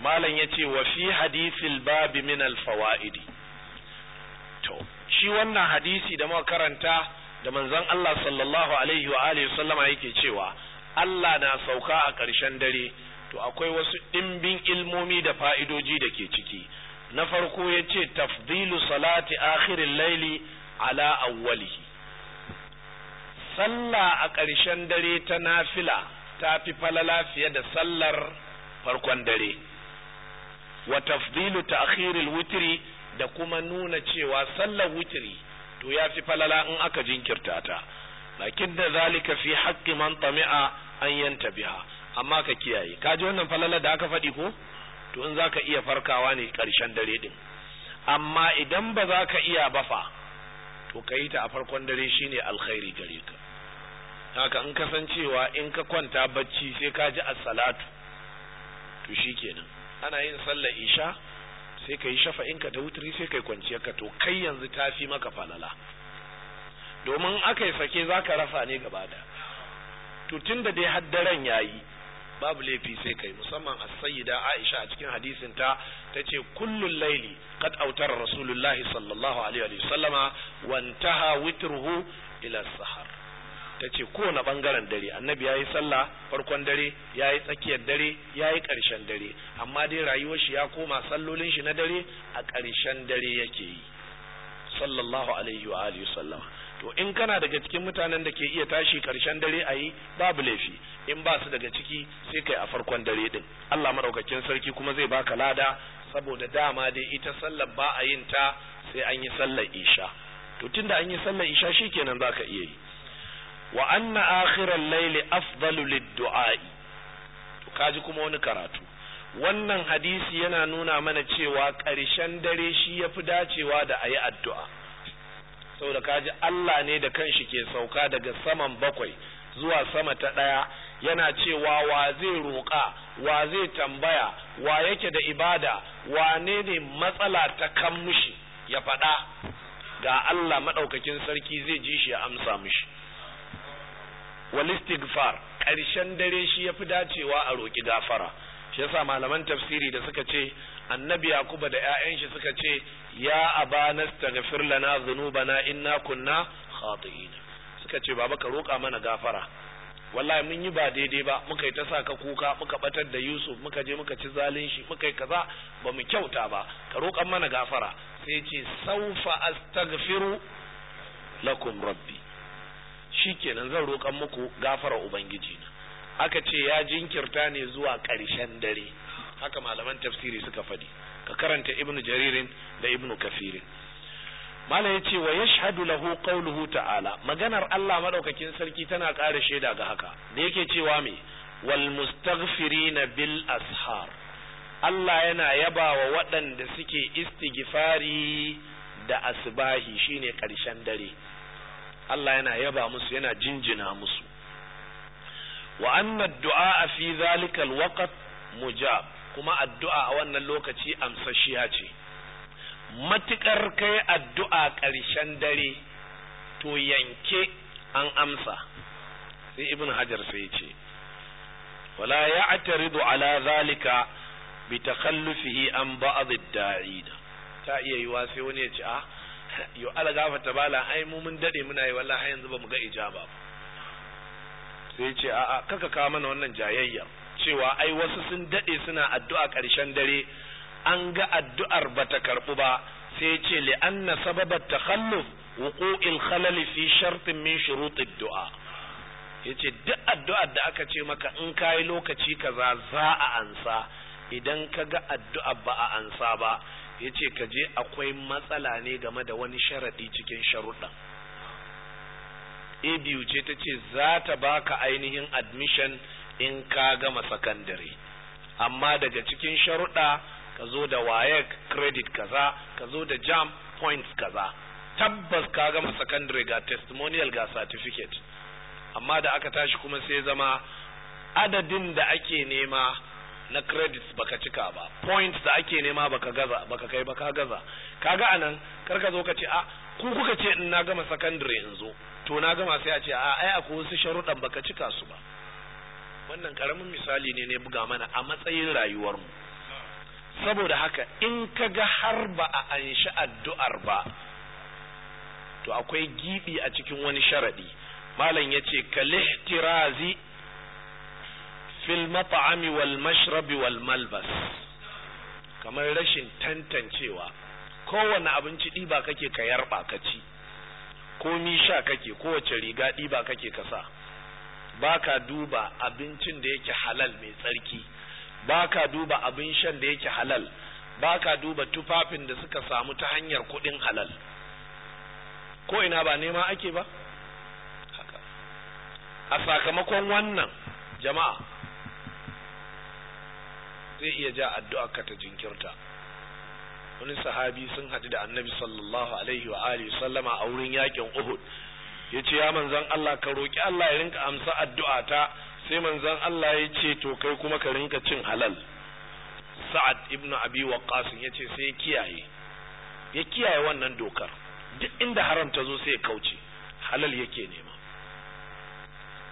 malam ya ce wa fi hadisil babi min alfawa'idi to shi wannan hadisi da muka karanta da manzon Allah sallallahu alaihi wa sallama yake cewa Allah na sauka a ƙarshen dare to akwai wasu ɗimbin ilmomi da fa'idoji da ke ciki na farko ya ce tafdilu salati akhirin laili ala awwalihi sallah a ƙarshen dare ta nafila ta fi falala fiye da sallar farkon dare wa tafdilu ta'khiril witri da kuma nuna cewa sallar witri to ya fi falala in aka jinkirta ta lakin da zalika fi haqqi man tami'a an yanta biha amma ka kiyaye ka ji wannan falala da aka faɗi ko to in zaka iya farkawa ne ƙarshen dare din amma idan ba za ka iya ba fa to ka yi ta a farkon dare shi ne alkhairi gare ka haka in kasancewa in ka kwanta bacci sai ka ji a salatu to kenan. ana yin sallar isha sai ka yi ka ta wuturi sai ka yi kwanciyar ka to kai yanzu ta fi maka falala domin aka yi sake za ka rasa ne gaba da to tun da dai haddaren ya yi babu laifi sai kai musamman a sayyida Aisha a cikin hadisin ta tace kullun laili qad autar rasulullahi sallallahu alaihi wa sallama wantaha witruhu ila sahar tace kowane bangaren dare annabi ya yi sallah farkon dare yayi tsakiyar dare yayi ƙarshen dare amma dai rayuwar shi ya koma sallolin shi na dare a ƙarshen dare yake yi sallallahu alaihi wa sallama to in kana daga cikin mutanen da ke iya tashi karshen dare a yi babu laifi in ba su daga ciki sai kai a farkon dare din Allah madaukakin sarki kuma zai baka lada saboda dama dai ita sallar ba a yin ta sai an yi sallar isha to tunda an yi sallar isha shikenan zaka iya yi wa anna akhiral layli afdalu lid-du'a to kaji kuma wani karatu wannan hadisi yana nuna mana cewa karshen dare shi yafi dacewa da ayi addu'a saboda kaji Allah ne da kanshi ke sauka daga saman bakwai zuwa sama ta ɗaya yana cewa wa zai roƙa wa zai tambaya wa yake da ibada wa ne ne matsala ta kan mushi ya faɗa ga Allah maɗaukakin sarki zai ji shi ya amsa mushi far ƙarshen dare shi ya fi dacewa a roƙi gafara shi yasa malaman tafsiri da suka ce annabi Yakuba da 'ya'yan shi suka ce ya abana staghfir lana dhunubana inna kunna khati'in suka ce baba ka roƙa mana gafara wallahi mun yi ba daidai ba muka yi ta sa kuka muka batar da Yusuf muka je muka ci zalin shi muka yi kaza ba mu kyauta ba ka roƙa mana gafara sai ce saufa astaghfiru lakum rabbi shikenan zan roƙan muku gafara ubangiji aka ce ya jinkirta ne zuwa ƙarshen dare haka malaman tafsiri suka faɗi ka karanta ibnu jaririn da ibnu kafirin malam yace wa yashhadu lahu qawluhu ta'ala maganar Allah madaukakin sarki tana ƙara shaida ga haka da yake cewa me wal mustaghfirina bil ashar Allah yana yaba wa waɗanda suke istighfari da asbahi shine ƙarshen dare Allah yana yaba musu yana jinjina musu wa anna du'a fi zalika al-waqt mujab kuma addu'a a wannan lokaci amsashiya ce matuƙar kai addu'a ƙarshen dare to yanke an amsa sai ibn hajar sai ce wala ya'taridu ala zalika bi takhallufihi an ba'd ad ta iya yiwa sai wani ya ce a ah, yo ala gafata bala ai mu mun dade muna yi wallahi yanzu mu ga ijaba ba sai ce a'a kaka ka mana wannan jayayya cewa ai wasu sun daɗe suna addu'a ƙarshen dare an ga addu'ar bata karɓu ba sai ce li'anna sababat takhalluf wuqu'il khalali fi shartin min shurutid du'a ce duk addu'ar da aka ce maka in kai lokaci kaza za a ansa idan ka ga addu'a ba a ansa ba ya ce ka je akwai matsala ne game da wani sharaɗi cikin sharuɗan a ce ta ce za ta baka ainihin admission in ka gama sakandare amma daga cikin sharuɗa ka zo da wayek credit kaza ka zo da jam points kaza tabbas ka gama sakandare ga testimonial ga certificate amma da aka tashi kuma sai zama adadin da ake nema na credits baka cika ba points da ake nema baka gaza baka kai baka gaza kaga anan kar ka zo ka ce a ku kuka ce in na gama sakandare yanzu, to na gama sai a ce a ai akwai wasu sharuɗan baka cika su ba wannan karamin misali ne ne buga mana a matsayin Rayuwar Mu, saboda haka in ka ga har ba a anshi addu'ar ba to akwai gibi a cikin wani sharadi malam yace kalihtirazi fil mat'ami wal mashrabi wal malbas kamar rashin tantancewa kowane abinci ɗiba kake ka yarba ka ci komi sha kake kowace riga ɗiba kake ka sa baka duba abincin da yake halal mai tsarki baka duba abin shan da yake halal baka duba tufafin da suka samu ta hanyar kuɗin halal ko ina ba nema ake ba haka a sakamakon wannan jama'a zai iya ja addu'a ka ta jinkirta wani sahabi sun haɗu da annabi sallallahu alaihi wa alihi sallama a wurin yakin uhud yace ya manzon Allah ka roki Allah ya rinka amsa addu'a ta sai manzon Allah ya ce to kai kuma ka rinka cin halal Sa'ad ibnu Abi Waqqas yace sai ya kiyaye ya kiyaye wannan dokar duk inda haram ta zo sai ya kauce halal yake nema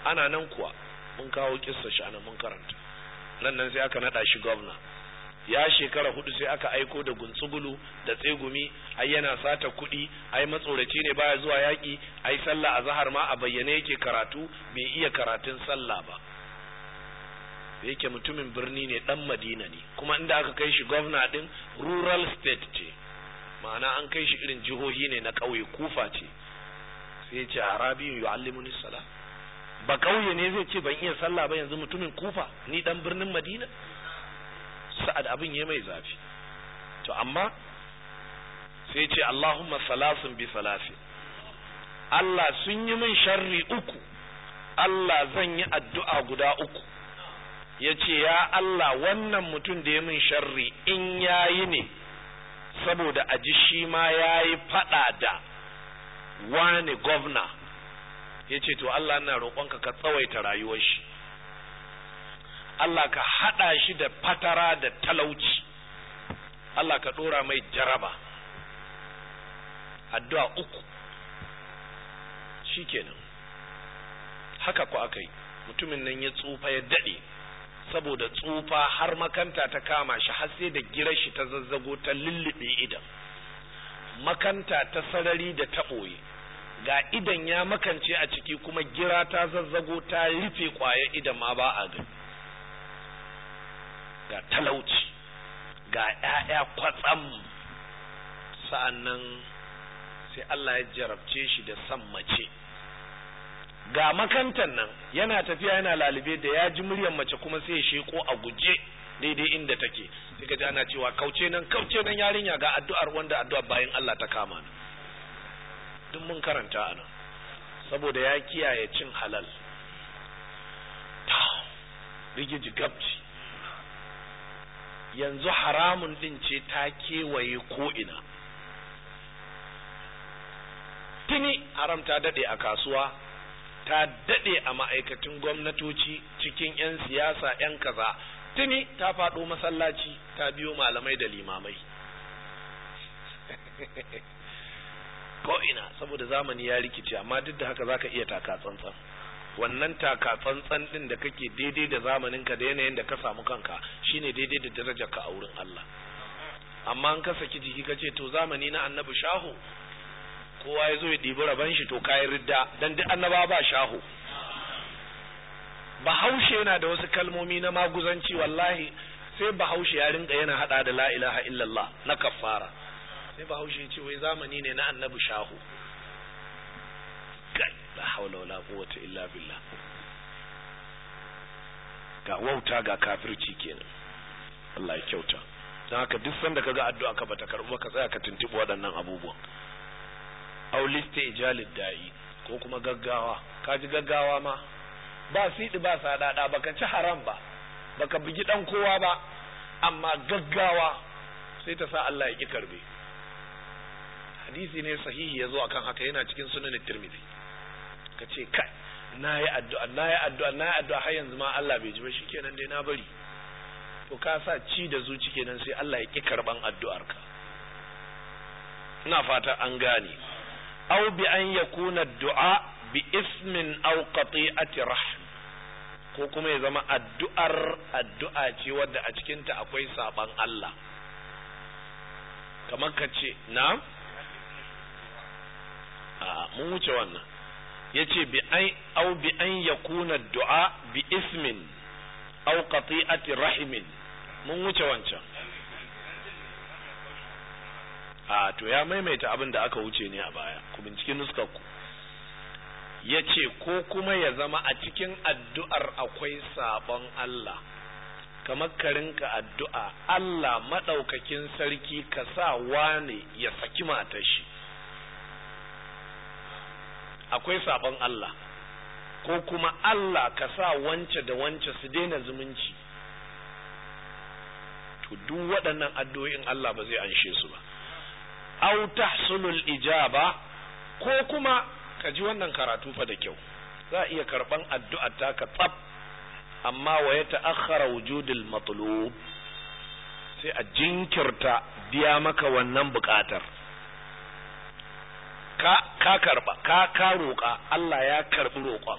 ana nan kuwa mun kawo kissa shi mun karanta nan nan sai aka nada shi gwamna ya shekara hudu sai aka aiko da guntsugulu da tsegumi ai yana sata kuɗi ai matsoraci ne baya zuwa yaki, ai sallah a zahar ma a bayyane yake karatu bai iya karatun sallah ba yake mutumin birni ne dan madina ne kuma inda aka kai shi gwamna din rural state ce ma'ana an kai shi irin jihohi ne na ƙauye kufa ce sai ce arabiyu yu'allimuni sala ba ƙauye ne zai ce ban iya sallah ba yanzu mutumin kufa ni dan birnin madina sa'ad abin ya mai zafi to amma sai ce Allahumma salasun bi salasi Allah sun yi min sharri uku Allah zan yi addu'a guda uku ya ce ya Allah wannan mutum da ya min sharri in yi ne saboda a ji shi ma ya yi faɗa da wani gwamna ya ce to Allah na roƙonka ka tsawaita rayuwar shi Allah ka haɗa shi da fatara da talauci Allah ka ɗora mai jaraba addu'a uku shikenan haka ku aka mutumin nan ya tsufa ya daɗe saboda tsufa har makanta ta kama shi har sai da gira shi ta zazzago ta lullube idan makanta ta sarari da ta ɓoye ga idan ya makance a ciki kuma gira ta zazzago ta rufe ƙwayar idan ma ba a gani ga talauci ga ‘ya'ya kwatsam sa'annan sai Allah ya jarabce shi da san mace ga makantan nan yana tafiya yana lalube da ya ji muryar mace kuma sai ya sheko a guje daidai inda take sai ka ji cewa kauce nan kauce nan yarinya ga addu'ar wanda addu'ar bayan Allah ta kama ni duk mun karanta a nan saboda ya kiyaye cin halal ta rigiji gabci yanzu haramun din ce ta kewaye ko'ina tuni haram ta daɗe a kasuwa ta daɗe a ma'aikatan gwamnatoci cikin 'yan siyasa 'yan kaza tuni ta faɗo masallaci ta biyo malamai da limamai ko'ina saboda zamani ya rikice amma duk da haka zaka iya taka tsantsan wannan taka tsantsan din da kake daidai da zamanin ka da yanayin da ka samu kanka shine daidai da ka a wurin Allah amma an ka saki jiki ka ce to zamani na annabi shahu kowa ya zo ya ɗibi raban shi to kayi ridda dan duk annaba ba shahu bahaushe yana da wasu kalmomi na maguzanci wallahi sai bahaushe ya rinka yana hada da la ilaha illallah na kaffara sai bahaushe ya ce wai zamani ne na annabi shahu kai la haula wala quwwata illa billah ga wauta ga kafirci kenan Allah ya kyauta dan haka duk sanda kaga addu'a ka bata karbu ka tsaya ka tuntubi waɗannan abubuwa. aw liste ijalid da'i ko kuma gaggawa ka ji gaggawa ma ba siɗi ba sadada baka ci haram ba baka bugi dan kowa ba amma gaggawa sai ta sa Allah ya ki karbe hadisi ne sahihi yazo akan haka yana cikin sunan Tirmidhi ka ce kai na yi addu'a na yi addu'a na yi addu'a har yanzu ma Allah bai ji ba kenan dai na bari to ka sa ci da zuci kenan sai Allah ya ƙi karɓan addu'ar ka, ina fata an gane au bi an kuna du'a bi ismin aw qati'ati rahm ko kuma ya zama addu'ar addu'a ce wadda a cikinta akwai saban Allah kamar ka ce na a ah, mun wuce wannan yace bi au bi an yakuna du'a bi ismin au qati'ati rahimin mun wuce wancan a to ya maimaita abin da aka wuce ne a baya ku binciki nuskar ku yace ko kuma ya zama a cikin addu'ar akwai sabon Allah kamar ka rinka addu'a Allah maɗaukakin sarki ka sa wane ya saki matar shi akwai sabon Allah ko kuma Allah ka sa wance da wance su daina zumunci to duk waɗannan addu'o'in Allah ba zai anshe su ba aw tahsulul ijaba ko kuma ka ji wannan karatu fa da kyau za iya karban addu'ar taka tsab amma wa ya ta'akhkhara wujudul matlub sai a jinkirta biya maka wannan buƙatar ka ka karba ka ka roƙa Allah ya karbi roƙon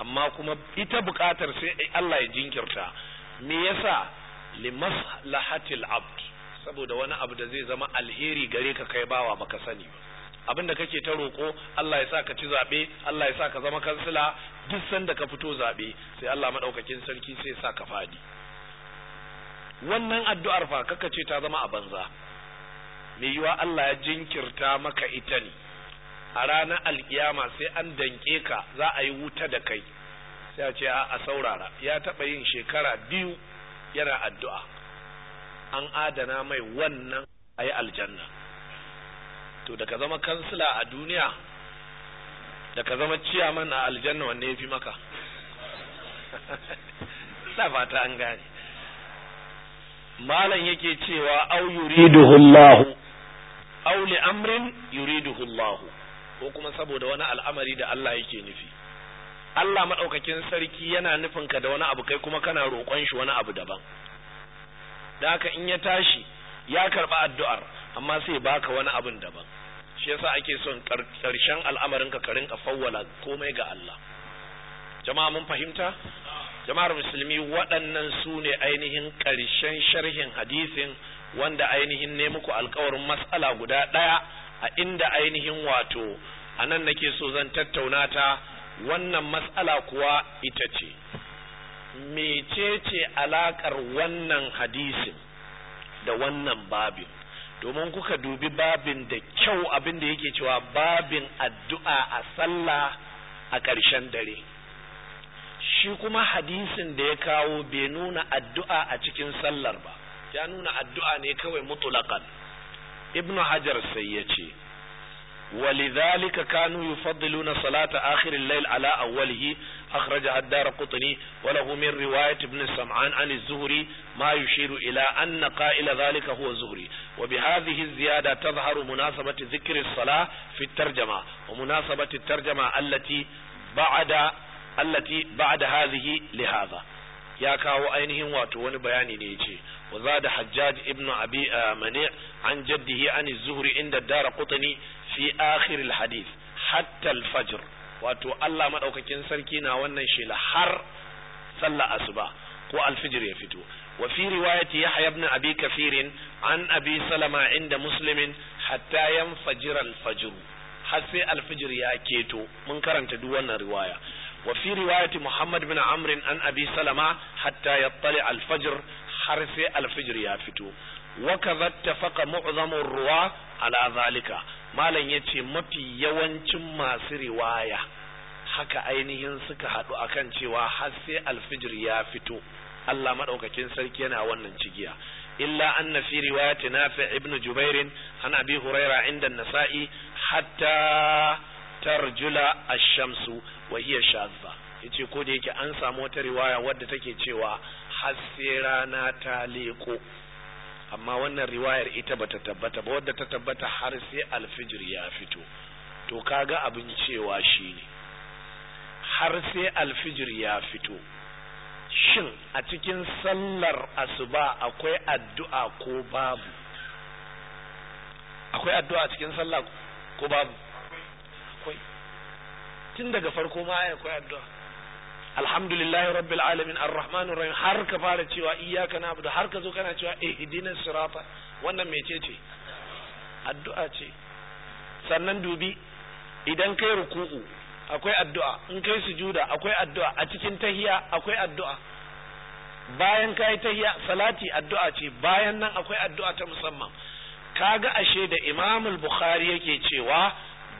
amma kuma ita buƙatar sai Allah ya jinkirta me yasa li maslahatil abd saboda wani abu da zai zama alheri gare ka kai bawa baka sani ba abin da kake ta roƙo Allah ya sa ka ci zaɓe Allah ya sa ka zama kansila duk sanda ka fito zaɓe sai Allah maɗaukakin sarki sai sa ka fadi wannan addu'ar fa kaka ce ta zama a banza mai yiwa Allah ya jinkirta maka ita ne a ranar alkiyama sai an danke ka za a yi wuta da kai sai a ce a saurara ya taɓa yin shekara biyu yana addu'a an adana mai wannan a yi aljanna to da ka zama kansila a duniya da ka zama ciyaman a aljanna wanne ya fi maka na fata an gane malam yake cewa au yuriduhullahu aw li amrin yuriduhu Allah ko kuma saboda wani al'amari da Allah yake nufi Allah madaukakin sarki yana nufin ka da wani abu kai kuma kana roƙon shi wani abu daban da haka in ya tashi ya karba addu'ar amma sai baka wani abun daban shi yasa ake son karshen al'amarin ka ka rinka fawwala komai ga Allah jama'a mun fahimta jama'ar musulmi waɗannan su ne ainihin ƙarshen sharhin hadisin wanda ainihin ne muku alkawarin matsala guda ɗaya a inda ainihin wato a nan nake so zan tattauna ta wannan matsala kuwa ita ce mecece alaƙar wannan hadisin da wannan babin domin kuka dubi babin da kyau abin da yake cewa babin addu'a a sallah a ƙarshen dare shi kuma hadisin da ya kawo bai nuna addu'a a cikin sallar ba ya nuna addu’a ne kawai mutulakan Ibnu hajar sai ya ce walidhalika kanu yufaddiluna salata akhirin layl ala awwalihi akhraja ad-dar qutni wa lahu min riwayat ibn sam'an an az-zuhri ma yushiru ila anna qa'ila dhalika huwa zuhri wa bi hadhihi az-ziyada tadhharu munasabati dhikri as-salah fi tarjama wa munasabati tarjama allati ba'da allati ba'da hadhihi li hadha ya kawo ainihin wato wani bayani ne yace وزاد حجاج ابن أبي منيع عن جده عن الزهري عند الدار قطني في آخر الحديث حتى الفجر wato Allah maɗaukakin sarki na wannan shi har sallar asuba ko alfijir ya fito wa fi riwayati yahya ibn abi kafirin an abi salama inda muslimin hatta yanfajir alfajr har sai alfijir ya ke to mun karanta duk wannan riwaya wa fi muhammad bin Amrin an abi salama hatta ya yattali alfajir. har sai alfijir ya fito wa kaza tafaka mu'zamur ruwa ala zalika malam yace mafi yawancin masu riwaya haka ainihin suka haɗu akan cewa har sai alfijir ya fito Allah madaukakin sarki yana wannan cigiya illa anna fi riwayat nafi ibnu jubair an abi huraira inda nasa'i hatta tarjula ash-shamsu wa hiya shadha yace ko da yake an samu wata riwaya wadda take cewa har sai rana ta leko amma wannan riwayar ita bata tabbata ba wadda ta tabbata har sai alfijir ya fito to kaga abin cewa shine har sai alfijir ya fito shin a cikin sallar asuba akwai addu'a ko babu akwai addu'a cikin sallah ko babu akwai tun daga farko ma akwai addu'a alhamdulillahi rabbil alamin arrahmanir rahim har ka fara cewa iyyaka na'budu har ka zo kana cewa ihdinas sirata wannan mecece addu'a ce sannan dubi idan kai ruku'u akwai addu'a in kai sujuda akwai addu'a a cikin tahiya akwai addu'a bayan kai tahiya salati addu'a ce bayan nan akwai addu'a ta musamman kaga ashe da Imam al-Bukhari yake cewa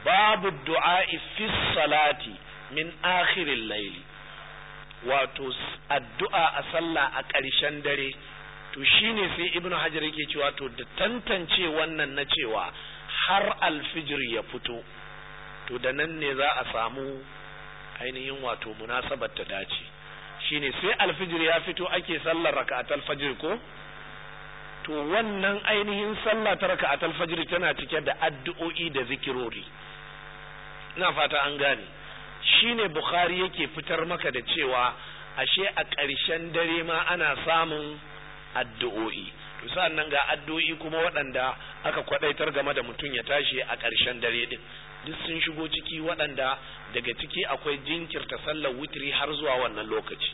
babu du'a fi salati min akhiril layli wato addu'a a sallah a ƙarshen dare to shine sai ibnu hajar yake cewa to da tantance wannan na cewa har alfijir ya fito to da nan ne za a samu ainihin wato munasabar ta dace shine sai alfijir ya fito ake sallar raka'atul fajr ko to wannan ainihin sallah ta raka'atul fajr tana cike da addu'o'i da zikirori ina fata an gane shine bukhari yake fitar maka da cewa ashe a ƙarshen dare ma ana samun addu'o'i to sannan ga addu'o'i kuma waɗanda aka kwadaitar game da mutum ya tashi a ƙarshen dare din duk sun shigo ciki waɗanda daga ciki akwai jinkirta sallar witri har zuwa wannan lokaci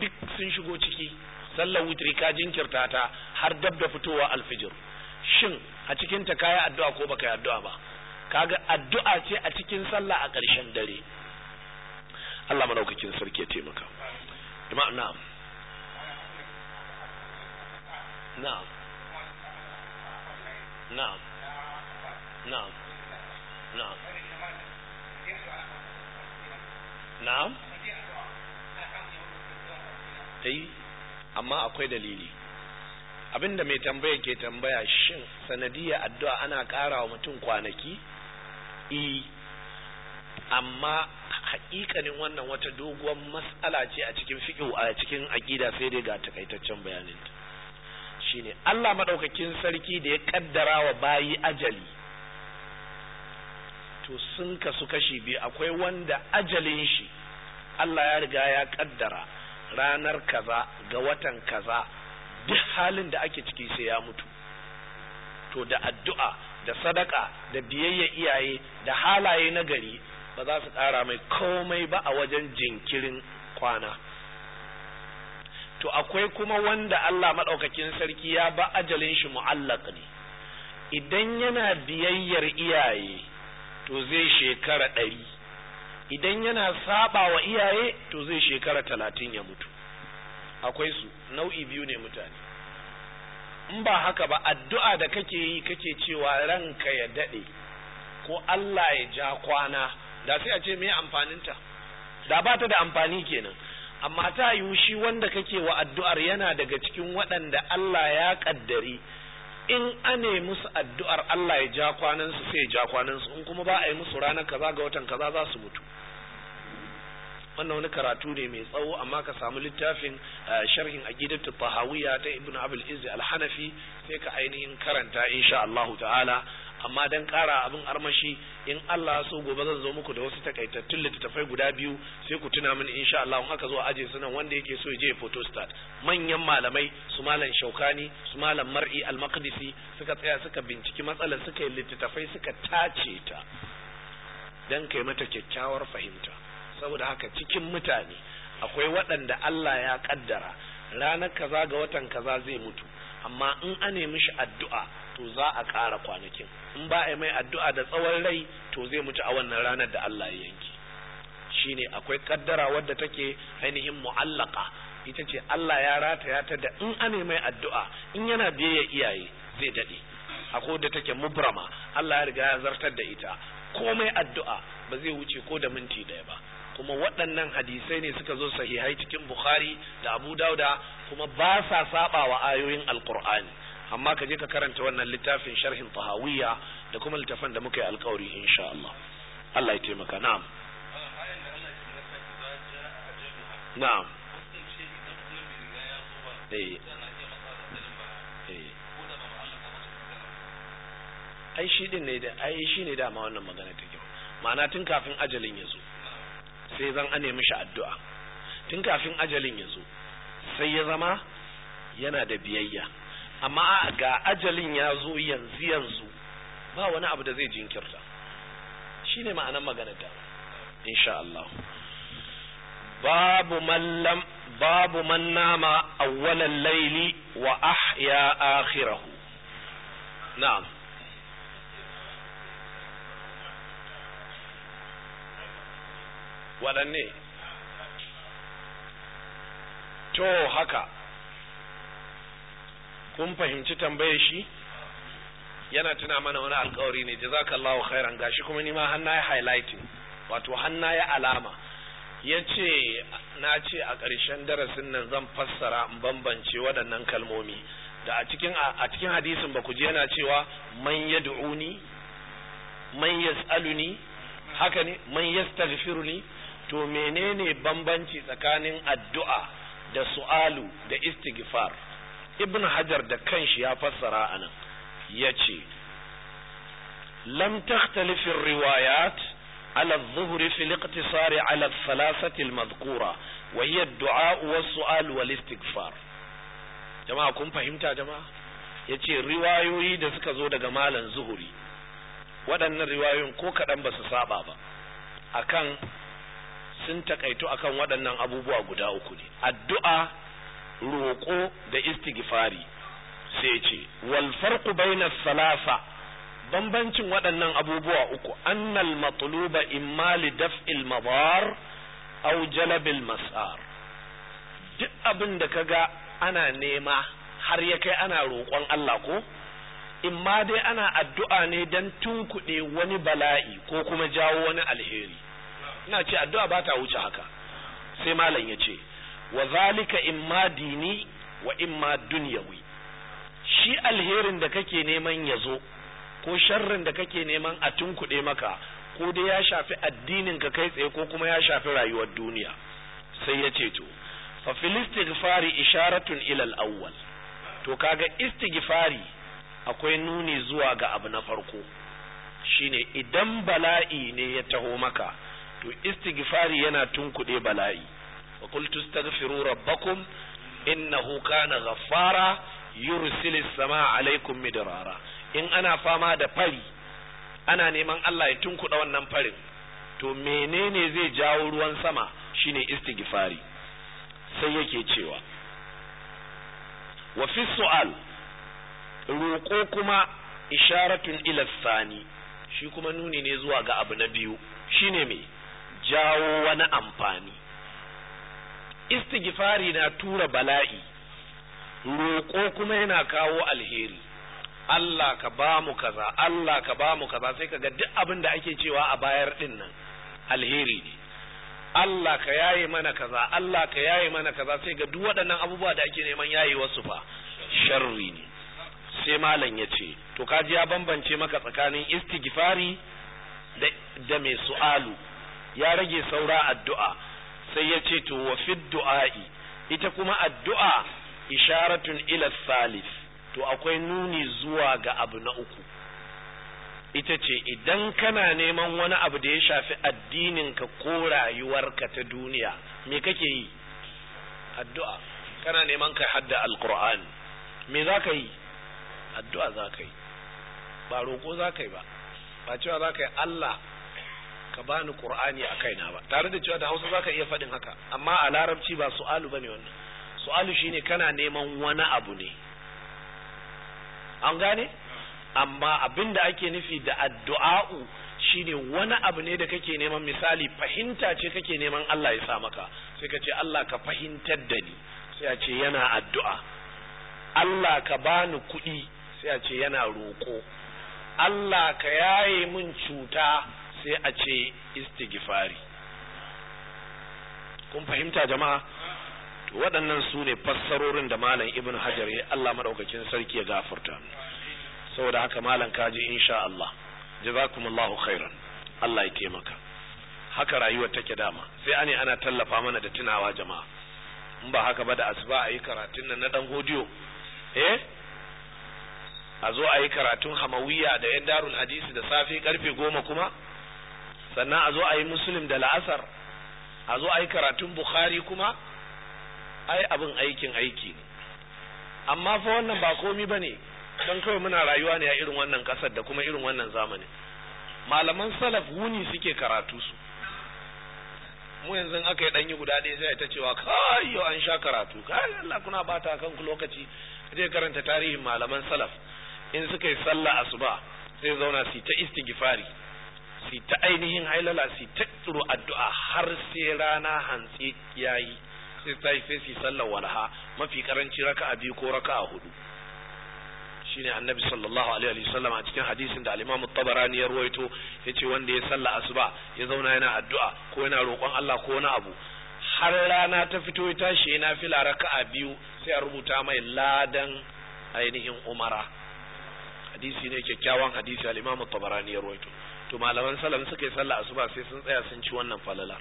duk sun shigo ciki sallar witri ka jinkirta ta har dab da fitowa alfijir shin a cikin ta kayi addu'a ko baka yi addu'a ba kaga addu'a ce a cikin sallah a ƙarshen dare Allah madaukakin sarki ya taimaka imam na'am na'am na'am na'am na'am na'am eh amma akwai dalili abinda mai tambaya ke tambaya shin sanadiyya addu'a ana ƙara wa mutum kwanaki eh amma hakikanin wannan wata doguwar matsala ce a cikin fiqh a cikin aƙida sai dai ga takaitaccen bayanin ta shine Allah madaukakin sarki da ya kaddara wa bayi ajali to sun kasu kashi biyu akwai wanda ajalin shi Allah ya riga ya ƙaddara ranar kaza ga watan kaza duk halin da ake ciki sai ya mutu to da addu'a da sadaka da biyayya iyaye da halaye na gari ba za su ƙara mai komai ba a wajen jinkirin kwana to akwai kuma wanda Allah maɗaukakin sarki ya ba ajalin shi mu'allaq ne idan yana biyayyar iyaye to zai shekara ɗari idan yana saba wa iyaye to zai shekara talatin ya mutu akwai su nau'i biyu ne mutane in ba haka ba addu'a da kake yi kake cewa ranka ya daɗe ko Allah ya ja kwana da sai a ce me amfaninta da ba ta da amfani kenan amma ta yiwu shi wanda kake wa addu'ar yana daga cikin waɗanda Allah ya ƙaddari in ane musu addu'ar Allah ya ja kwanansu sai ya ja kwanansu in kuma ba a yi musu ranar kaza ga watan kaza za su mutu wannan wani karatu ne mai tsawo amma ka samu littafin eh, sharhin aqidatu tahawiyya ta ibn abul izz al-hanafi sai ka ainihin karanta insha Allah ta'ala amma dan kara abin armashi in Allah so gobe zan zo muku da wasu takaitattun littattafai guda biyu sai ku tuna mini insha Allah in aka zo aje su nan wanda yake so ya je start manyan malamai su malam Shaukani su malam Mar'i al-Maqdisi suka tsaya suka binciki matsalar suka yi littattafai suka tace ta dan kai mata kyakkyawar fahimta saboda haka cikin mutane akwai waɗanda Allah ya ƙaddara ranar kaza ga watan kaza zai mutu amma in an nemi shi addu'a to za a ƙara kwanakin in ba a mai addu'a da tsawon rai to zai mutu a wannan ranar da Allah ya yanki shine akwai ƙaddara wadda take ainihin mu'allaka ita ce Allah ya rataya ta da in an mai addu'a in yana biyayya iyaye zai dade akwai da take mubrama Allah ya riga ya zartar da ita komai addu'a ba zai wuce ko da minti daya ba kuma waɗannan hadisai ne suka zo sahihai cikin bukhari da abu dauda kuma ba sa saba wa ayoyin alqur'ani amma ka je ka karanta wannan littafin sharhin tahawiyya da kuma littafin da muka yi alkawari insha Allah Allah ya taimaka na'am na'am eh. Eh. ai shi din ne da ai shi ne ma wannan magana take ma'ana tun kafin ajalin ya zo sai zan ane mishi addu'a tun kafin ajalin ya zo sai ya zama yana da biyayya amma ga ajalin ya zo yanzu yanzu ba wani abu da zai jinkirta shi ne ma'anar maganata insha Allah babu mallam babu man nama awwalan laili wa ahya akhirahu na'am waɗanne to haka kun fahimci tambayar shi yana tuna mana wani alkawari ne jazakallahu khairan gashi kuma ni ma hanna ya highlighting wato na ya alama ya ce na ce a ƙarshen darasin nan zan fassara in bambance waɗannan kalmomi da a cikin hadisin ba ku je yana cewa man yad'uni man yas'aluni haka ne man yastaghfiruni to menene bambanci tsakanin addu'a da su'alu da istighfar ibn hajar da kanshi ya fassara anan ya ce lam takhtalifin riwayat sare الظهر في الاقتصار على الثلاثة المذكورة وهي الدعاء wa والاستغفار Jama'a kun fahimta يا Ya yace riwayoyi da suka zo daga malam zuhuri waɗannan riwayoyin ko kaɗan ba su saba ba akan sun takaitu akan waɗannan abubuwa guda uku ne addu'a roƙo da istighfari sai ce wal farqu baina salasa bambancin waɗannan abubuwa uku annal matluba imma li daf'il madar aw jalabil mas'ar duk abin da kaga ana nema har ya kai ana roƙon Allah ko imma dai ana addu'a ne don tunkuɗe wani bala'i ko kuma jawo wani alheri ina ce addu'a ba ta wuce haka sai malam ya ce wa zalika imma dini wa imma dunyawi shi alherin da kake neman ya zo ko sharrin da kake neman a tunkuɗe maka ko dai ya shafi addinin ka kai tsaye ko kuma ya shafi rayuwar duniya sai ya ce to fa isharatun ilal al-awwal to kaga istighfari akwai nuni zuwa ga abu na farko shine idan bala'i ne ya taho maka to istighfari yana tunkuɗe bala'i wa qultu astaghfiru rabbakum innahu kana ghaffara yursilis samaa alaikum midrara in ana fama da fari ana neman Allah ya tunkuɗa wannan farin to menene zai jawo ruwan sama shine istighfari sai yake cewa wa fi su'al roƙo kuma isharatun ila sani shi kuma nuni ne zuwa ga abu na biyu shine me jawo wani amfani istighfari na tura bala'i roƙo kuma yana kawo alheri Allah ka ba mu kaza Allah ka ba mu kaza sai kaga duk abin da ake cewa a bayar din nan alheri ne Allah ka yaye mana kaza Allah ka yaye mana kaza sai ga duk waɗannan abubuwa da ake neman yaye wasu fa sharri ne sai malam ya ce to kaji ya bambance maka tsakanin istighfari da, da mai su'alu ya rage saura addu'a sai ya ce to wa fi du'a'i ita kuma addu'a isharatun ila salis to akwai nuni zuwa ga abu na uku ita ce idan kana neman wani abu da ya shafi addininka ko rayuwarka ta duniya me kake yi addu'a kana neman ka hadda alqur'ani me za ka yi addu'a za ka yi ba roƙo za ka yi ba ba cewa za ka yi Allah ka bani qur'ani a kaina ba tare da cewa da hausa zaka iya faɗin haka amma a larabci ba su'alu bane wannan su'alu shine kana neman wani abu ne an gane amma abin da ake nufi da addu'a'u shine wani abu ne da kake neman misali fahimta ce kake neman Allah ya sa maka sai ka ce Allah ka fahimtar da ni sai a ce yana addu'a Allah ka bani kuɗi sai a ce yana roƙo Allah ka yaye min cuta sai a ce istighfari kun fahimta jama'a waɗannan su ne fassarorin da malam ibn hajar ya Allah madaukakin sarki ya gafarta saboda haka malam kaji insha Allah jazakumullahu khairan Allah ya taimaka haka rayuwar take dama sai ane ana tallafa mana da tunawa jama'a in ba haka ba da asuba a yi karatun nan na dan godiyo eh a zo a yi karatun hamawiya da yan darul hadisi da safe karfe goma kuma sannan a zo a yi musulun da la'asar a zo a yi karatun bukhari kuma ai abin aikin aiki amma fa wannan ba komi ba ne don kawai muna rayuwa ne a irin wannan kasar da kuma irin wannan zamani malaman salaf wuni suke karatu su mu yanzu aka yi ɗanyi guda ɗaya sai ta cewa kai yau an sha karatu kai Allah kuna bata kan ku lokaci je karanta tarihin malaman salaf in suka yi sallah asuba zai zauna su ta istighfari su ta ainihin hailala su ta addu'a har sai rana hantsi yayi sai ta yi sai si sallar walha mafi karanci raka'a biyu ko raka'a hudu shine annabi sallallahu alaihi wa sallam a cikin hadisin da al-Imam at-Tabarani ya ruwaito yace wanda ya salla asuba ya zauna yana addu'a ko yana roƙon Allah ko wani abu har rana ta fito ya tashi yana fila raka'a biyu sai a rubuta mai ladan ainihin umara hadisi ne kyakkyawan hadisi al-Imam at-Tabarani ya ruwaito to malaman salam suka yi sallah asuba sai sun tsaya sun ci wannan falala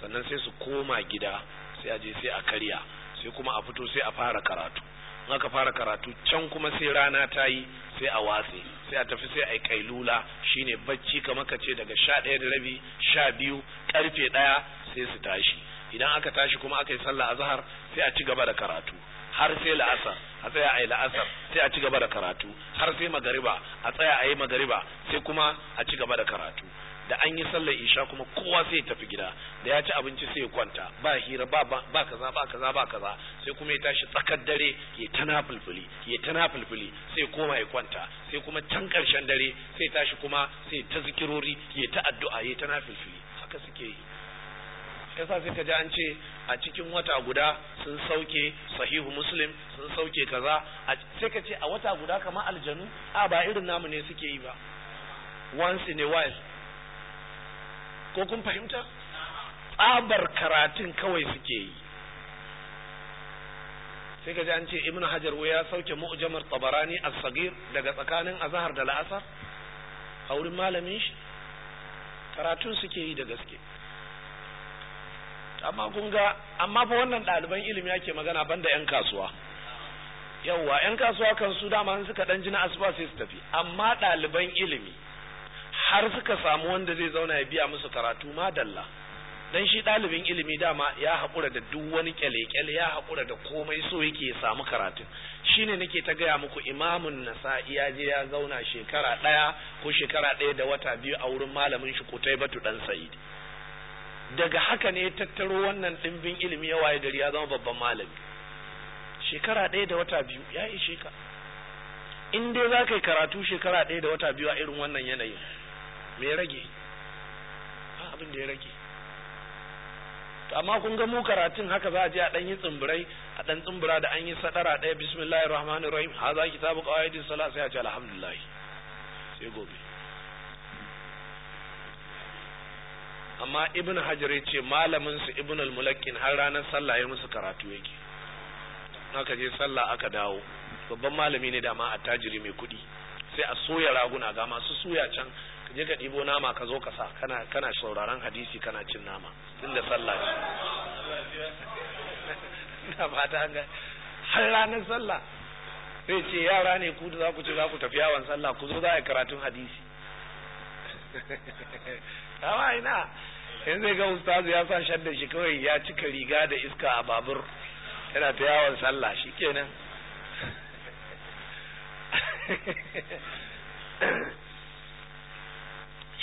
sannan sai su koma gida sai a sai a karya sai kuma a fito sai a fara karatu in aka fara karatu can kuma sai rana ta yi sai a watse sai a tafi sai a yi kailula shine bacci kamar ka ce daga sha ɗaya da rabi sha biyu karfe ɗaya sai su tashi idan aka tashi kuma aka yi sallah azhar sai a ci gaba da karatu har sai la'asar a tsaya a yi la'asar sai a ci gaba da karatu har sai magariba a tsaya a yi magariba sai kuma a ci gaba da karatu da an yi sallar isha kuma kowa sai tafi gida da ya ci abinci sai ya kwanta ba hira ba ba kaza ba kaza ba kaza sai kuma ya tashi tsakar dare ya tana fulfuli ya tana fulfuli sai koma ya kwanta sai kuma can karshen dare sai tashi kuma sai ta zikirori ya ta addu'a ya tana fulfuli haka suke yi yasa sai ka ji an ce a cikin wata guda sun sauke sahihu muslim sun sauke kaza sai ka ce a wata guda kamar aljanu a ba irin namu ne suke yi ba once in a while ko kun fahimta tsabar karatun kawai suke yi sai ka ji an ce ibnu hajar ya sauke mu'jamar tabarani as-sagir daga tsakanin azhar da la'asar a malamin shi karatun suke yi da gaske amma kun ga amma fa wannan ɗaliban ilimi yake magana banda yan kasuwa yawwa yan kasuwa kan su dama suka dan ji na asuba sai su tafi amma ɗaliban ilimi har suka samu wanda zai zauna ya biya musu karatu ma madalla dan shi ɗalibin ilimi dama ya haƙura da duk wani kyale-kyale ya haƙura da komai so yake ya samu karatu shine nake ta gaya muku imamun nasa'i ya je ya zauna shekara ɗaya ko shekara ɗaya da wata biyu a wurin malamin shi kutai batu ɗan saidi daga haka ne ya tattaro wannan ɗimbin ilimi ya waye gari ya zama babban malami shekara ɗaya da wata biyu ya yi sheka in dai za ka yi karatu shekara ɗaya da wata biyu a irin wannan yanayin me rage ba abin da ya rage amma kun ga mu karatun haka za a je a ɗan yi tsumburai a ɗan tsumbura da an yi sadara ɗaya bismillahir rahmanir rahim ki kitabu qawaidis sala sai a ce alhamdulillah sai gobe amma ibn hajar ya ce malamin su ibn al mulakin har ranar sallah ya musu karatu yake aka je sallah aka dawo babban malami ne da ma attajiri mai kuɗi sai a soya raguna ga masu suya can ka je ka ɗibo nama ka zo ka sa kana kana sauraron hadisi kana cin nama inda sallah ce na fata ga har ranar sallah sai ce yara ne ku za ku ce za ku tafi yawon sallah ku zo za a karatun hadisi amma ina in zai ga ustazu ya sa shadda shi kawai ya cika riga da iska a babur yana ta yawon sallah shi kenan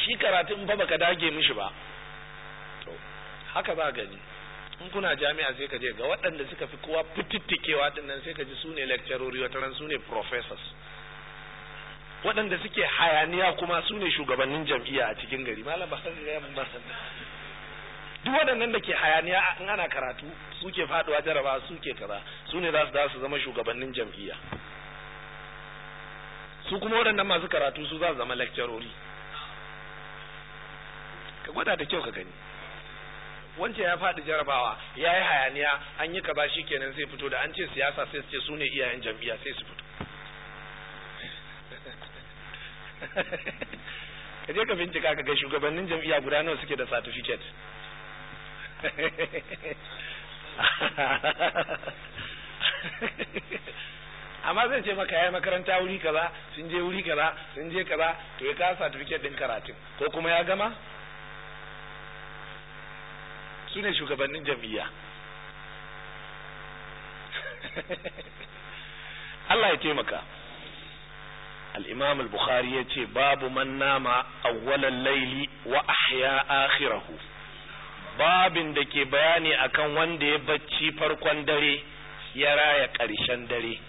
shi karatun fa baka dage mishi ba to haka ba gani in kuna jami'a sai ka je ga waɗanda suka fi kowa fitittikewa ɗin nan sai ka ji su ne lecturer wataran su ne professors waɗanda suke hayaniya kuma su ne shugabannin jam'iyya a cikin gari malam ba san ya ba san duk waɗannan da ke hayaniya in ana karatu suke faduwa jaraba suke kaza su ne za su su zama shugabannin jam'iyya su kuma waɗannan masu karatu su za su zama lakcarori ka gwada da kyau ka gani wance ya faɗi jarabawa ya yi hayaniya an yi kaza shi kenan sai fito da an ce siyasa sai su ce su ne iyayen jam'iyya sai su fito ka je ka bincika ka ga shugabannin jam'iyya guda nawa suke da certificate amma zai ce maka ya makaranta wuri kaza sun je wuri kaza sun je kaza to ya ka certificate din karatun ko kuma ya gama su ne shugabannin jam'iyya Allah ya taimaka Al'imamul imam al-bukhari yace babu man nama awwalal layli wa ahya akhirahu babin da ke bayani akan wanda ya bacci farkon dare ya raya ƙarshen dare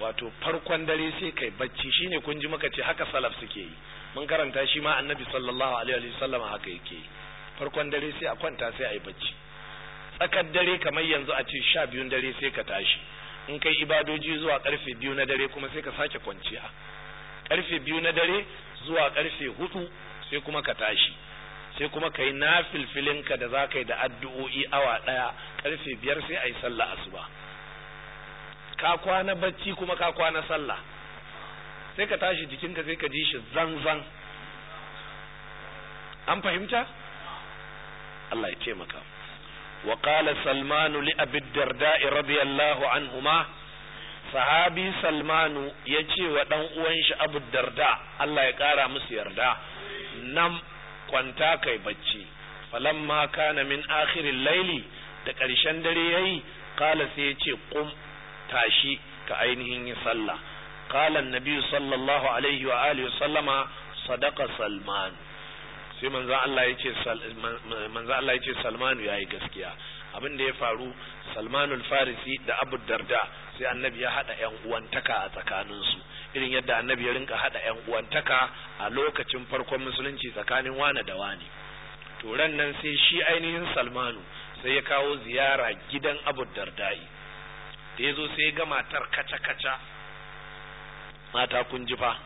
wato farkon dare sai kai bacci shine kun ji muka ce haka salaf suke yi mun karanta shi ma annabi sallallahu alaihi wa sallam haka yake farkon dare sai a kwanta sai a bacci tsakar dare kamar yanzu a ce sha biyun dare sai ka tashi in kai ibadoji zuwa karfe biyu na dare kuma sai ka sake kwanciya karfe biyu na dare zuwa karfe hudu sai kuma ka tashi sai kuma ka yi nafilfilinka da za ka yi da addu'o'i awa ɗaya karfe biyar sai a yi sallah asuba ka kwana bacci kuma ka kwana sallah sai ka tashi jikinka sai ka ji shi zanzan an fahimta Allah ya taimaka wa qala salmanu li abi darda radiyallahu anhuma sahabi salmanu ya ce wa ɗan uwan shi abu darda Allah ya ƙara musu yarda nan kwanta kai bacci falamma kana min akhirin laili da ƙarshen dare yayi kala sai ya ce kum tashi ka ainihin yi sallah kala annabi sallallahu alaihi wa alihi sallama sadaka salman sai manzo Allah ya ce manzo ya ce yayi gaskiya abin da ya faru salmanul farisi da abu darda sai annabi ya hada yan uwantaka a tsakanin su irin yadda annabi ya rinka hada yan uwantaka a lokacin farkon musulunci tsakanin wane da wane to ran nan sai shi ainihin salmanu sai ya kawo ziyara gidan abu dardai da ya zo sai ga matar kaca-kaca mata kun ji fa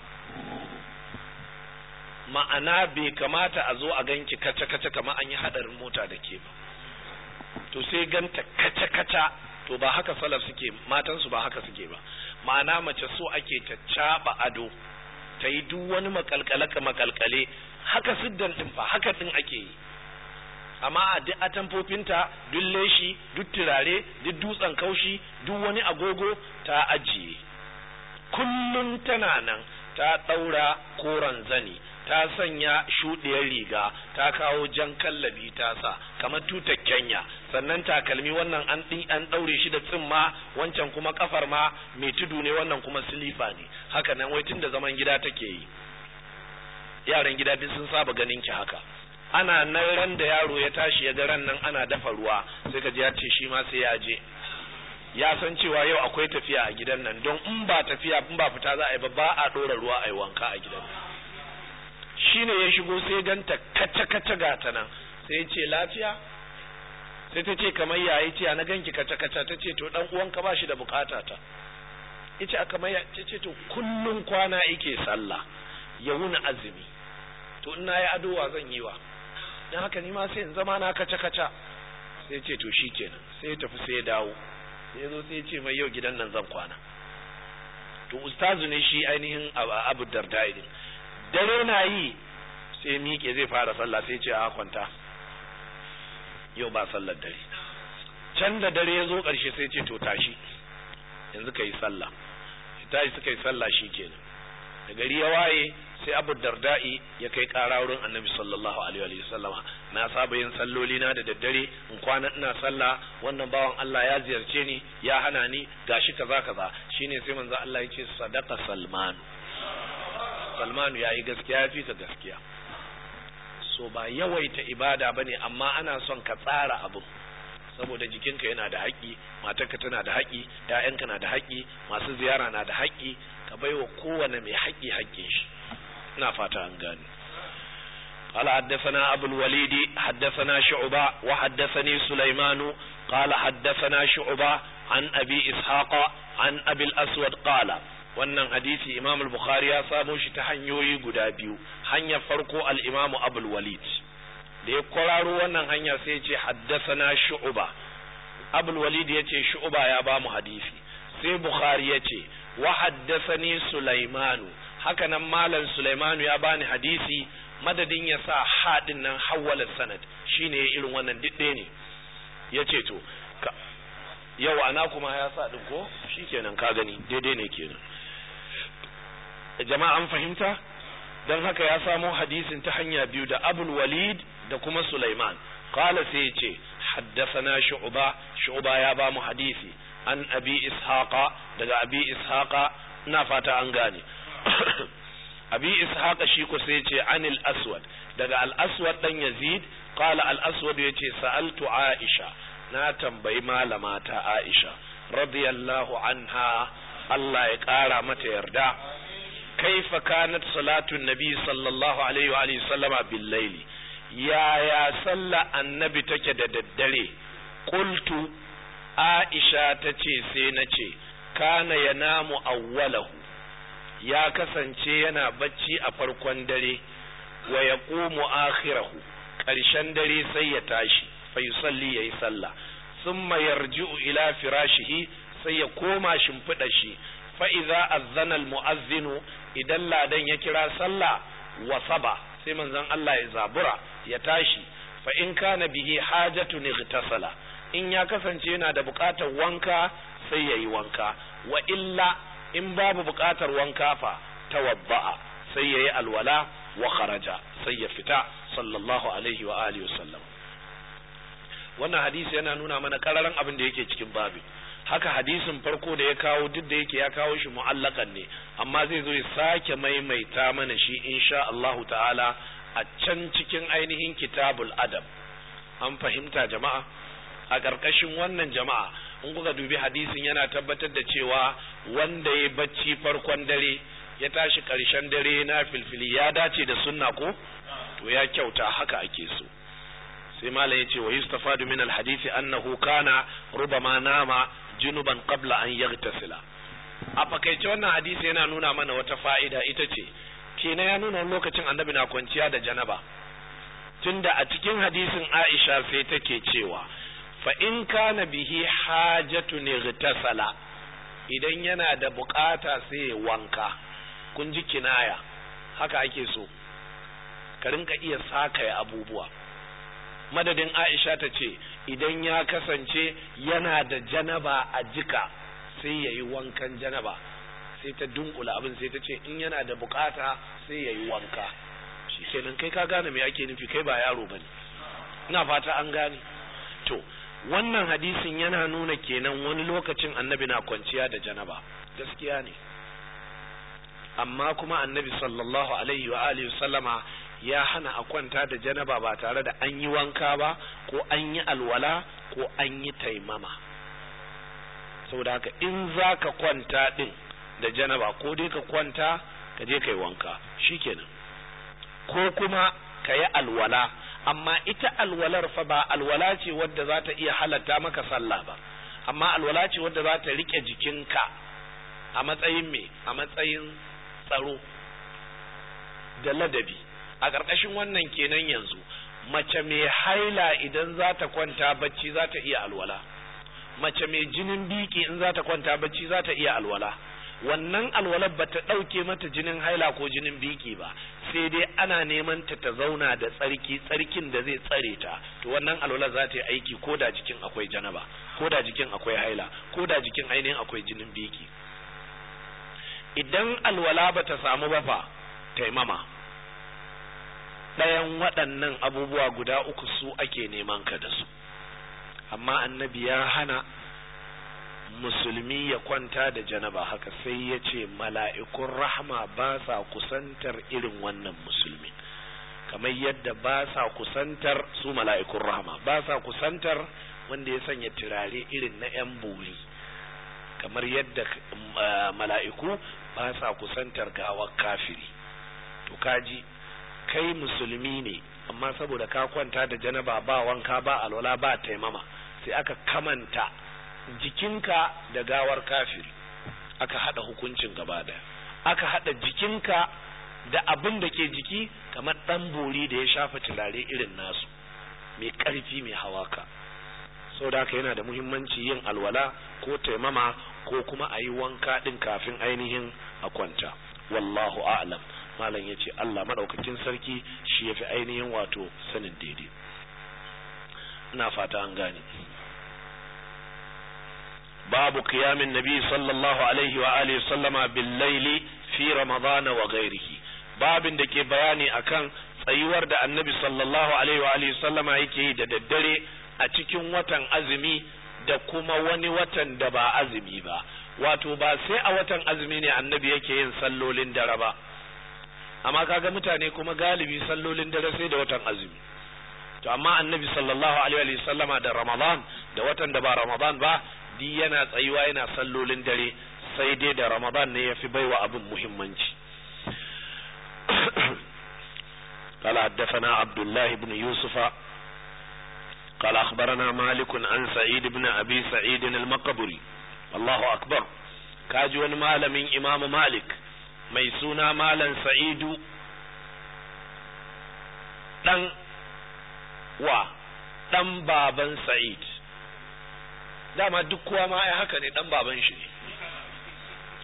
ma'ana bai kamata a zo a ganki kaca-kaca kamar an yi hadarin mota da ke ba to sai ganta kaca-kaca to ba haka salaf suke matansu ba haka suke ba ma'ana mace so ake ta ado ta yi duk wani ka makalkale haka siddan din fa haka din ake yi amma a duk atamfofinta duk leshi duk turare duk dutsen kaushi duk wani agogo ta ajiye kullum tana nan ta ɗaura koren zani ta sanya shuɗiyar riga ta kawo jan kallabi ta sa kamar tutar kenya sannan takalmi wannan an an ɗaure shi da tsimma wancan kuma kafar ma mai tudu ne wannan kuma silifa ne haka nan wai tun da zaman gida take yi yaran gida duk sun saba ganin ki haka ana nan ran da yaro ya tashi ya ga ran nan ana dafa ruwa sai ka ji ya ce shi ma sai ya je ya san cewa yau akwai tafiya a gidan nan don in ba tafiya in ba fita za a yi ba ba a ɗora ruwa a yi wanka a gidan nan Shi ne ya shigo sai ganta kacce ga gata nan sai ya ce lafiya sai ta ce kamar yi ce na ganki kacce kacce ta ce to dan uwan ba shi da bukata ta yace a kamar ya ce to kullun kwana yake sallah ya wuna azumi to ina ya adowa zan yi wa dan haka ni ma sai in zama na kacce kacce sai ce to shikenan sai ya tafi sai ya dawo sai zo sai ya ce mai yau gidan nan zan kwana to ustazu ne shi ainihin abu darda'idin dare na yi sai miƙe zai fara sallah sai ce a kwanta yau ba sallar dare can da dare ya zo ƙarshe sai ce to tashi yanzu ka yi sallah tashi suka yi sallah shi ke da gari ya waye sai abu darda'i ya kai ƙara wurin annabi sallallahu alaihi wa sallama na saba yin salloli na da daddare in kwana ina sallah wannan bawan Allah ya ziyarce ni ya hana ni gashi kaza kaza shine sai manzo Allah ya ce sadaqa salmanu salmanu ya yi gaskiya ya fi ka gaskiya so ba yawaita ibada ba ne amma ana son ka tsara abin saboda jikinka yana da haƙƙi matarka tana da haƙƙi ‘ya'yanka na da haƙƙi masu ziyara na da haƙƙi ka baiwa kowane mai haƙƙi haƙƙin shi ina fata an gane قال حدثنا أبو الوليد حدثنا شعبة وحدثني سليمان قال حدثنا شعبة عن أبي إسحاق عن أبي الأسود قال wannan hadisi imam al-bukhari ya samo shi ta hanyoyi guda biyu hanyar farko al-imam abul walid da ya kwararo wannan hanya sai ya ce haddasana shu'ba abul walid ya ce shu'ba ya ba mu hadisi sai bukhari ya ce wa haddasani sulaimanu haka nan malam sulaimanu ya bani hadisi madadin ya sa haɗin nan hawwala sanad shine irin wannan didde ne ya ce to yau ana kuma ya sa din ko shikenan ka gani daidai ne kenan jama'a an fahimta don haka ya samo hadisin ta hanya biyu da abul walid da kuma sulaiman kala sai ya ce haddasana shu'ba shu'ba ya ba mu hadisi an abi ishaqa daga abi ishaqa ina fata an gane abi ishaqa shi ko sai ya ce anil aswad daga al aswad dan yazid kala al aswad ya ce sa'altu aisha na tambayi malama ta aisha radiyallahu anha Allah ya ƙara mata yarda kaifa kanat salatun nabi sallallahu alaihi wa alihi sallama bil laili yaya sallah annabi take da daddare qultu aisha tace sai nace kana yanamu awwalahu ya kasance yana bacci a farkon dare wa yaqumu akhirahu ƙarshen dare sai ya tashi fa yusalli yayi sallah thumma yarji'u ila firashihi sai ya koma shimfiɗa shi fa idza azzana al mu'azzinu idan ladan ya kira sallah wa saba sai manzon Allah ya zabura ya tashi fa in kana bihi hajatun igtasala in ya kasance yana da buƙatar wanka sai yayi wanka wa illa in babu buƙatar wanka fa tawabba'a sai yayi alwala wa kharaja sai ya fita sallallahu alaihi wa alihi wasallam wannan hadisi yana nuna mana kararan abin da yake cikin babin haka hadisin farko da ya kawo duk da yake ya kawo shi mu'allakan ne amma zai zo ya sake maimaita mana shi insha Allahu ta'ala a can cikin ainihin kitabul adab an fahimta jama'a a ƙarƙashin wannan jama'a in kuka dubi hadisin yana tabbatar da cewa wanda ya bacci farkon dare ya tashi ƙarshen dare na filfili ya dace da sunna ko to ya kyauta haka ake so sai malam ya ce wa yustafadu min alhadisi annahu kana rubama nama junuban qabla an yaghtasila a fakaice wannan hadisi yana nuna mana wata fa'ida ita ce kenan ya nuna lokacin annabi na kwanciya da janaba tunda a cikin hadisin Aisha sai take cewa fa in kana bihi hajatu nightasala idan yana da bukata sai ya wanka kun ji kinaya haka ake so ka rinka iya sakaya abubuwa madadin Aisha ta ce idan ya kasance yana da janaba a jika sai ya yi wankan janaba sai ta dunkula abin sai ta ce in yana da bukata sai ya yi wanka shi kenan kai ka gane me ake nufi kai ba yaro ba ne ina fata an gane to wannan hadisin yana nuna kenan wani lokacin annabi na kwanciya da janaba gaskiya ne amma kuma annabi sallallahu alaihi wa alihi sallama ya hana a kwanta da janaba ba tare da an yi wanka ba ko an yi alwala ko an yi taimama saboda haka in za ka kwanta din da janaba ko dai ka kwanta ka je ka yi wanka shikenan ko kuma ka yi alwala amma ita alwalar fa ba alwala ce wadda za ta iya halatta maka sallah ba amma alwala ce wadda za ta rike jikinka a matsayin me a matsayin tsaro da ladabi a ƙarƙashin wannan kenan yanzu mace mai haila idan za ta kwanta bacci za ta iya alwala mace mai jinin biki in za ta kwanta bacci za ta iya alwala wannan alwalar ba ta ɗauke mata jinin haila ko jinin biki ba sai dai ana neman ta ta zauna da tsarki tsarkin da zai tsare ta to wannan alwalar za ta yi aiki ko da jikin akwai janaba ko da jikin akwai haila ko da jikin ainihin akwai jinin biki idan alwala ba ta samu ba fa taimama ɗayan waɗannan abubuwa guda uku su ake neman ka da su amma annabi ya hana musulmi ya kwanta da janaba haka sai ya ce mala'ikun rahama ba sa kusantar irin wannan musulmi kamar yadda ba sa kusantar su mala'ikun rahama ba sa kusantar wanda ya sanya turare irin na 'yan buri kamar yadda eh, mala'iku ba sa kusantar gawar kafiri to kaji kai musulmi ne amma saboda ka kwanta da janaba ba wanka ba alwala ba taimama sai aka kamanta jikinka da gawar kafir aka hada hukuncin gaba daya aka hada jikinka da abin da ke jiki kamar dan bori da ya shafa turare irin nasu mai karfi mai hawaka saboda haka yana da muhimmanci yin alwala ko taimama ko kuma a yi wanka din kafin ainihin a kwanta wallahu a'lam malam ya ce Allah madaukakin sarki shi ya fi ainihin wato sanin daidai ina fata an gane babu kiyamin nabi sallallahu alaihi wa alihi sallama bil laili fi ramadana wa ghairihi babin da ke bayani akan tsayuwar da annabi sallallahu alaihi wa alihi sallama yake yi da daddare a cikin watan azumi da kuma wani watan da ba azumi ba wato ba sai a watan azumi ne annabi yake yin sallolin dare ba amma kaga mutane kuma galibi sallolin dare sai da watan azumi to amma annabi sallallahu alaihi wa sallama da ramadan da watan da ba ramadan ba di yana tsayuwa yana sallolin dare sai dai da ramadan ne yafi baiwa abin muhimmanci قال حدثنا عبد الله بن يوسف قال أخبرنا مالك عن سعيد بن أبي سعيد المقبري الله أكبر كاجو مال من إمام مالك mai suna malam sa'idu ɗan wa ɗan baban sa'id dama duk kowa ma ai haka ne ɗan baban shi ne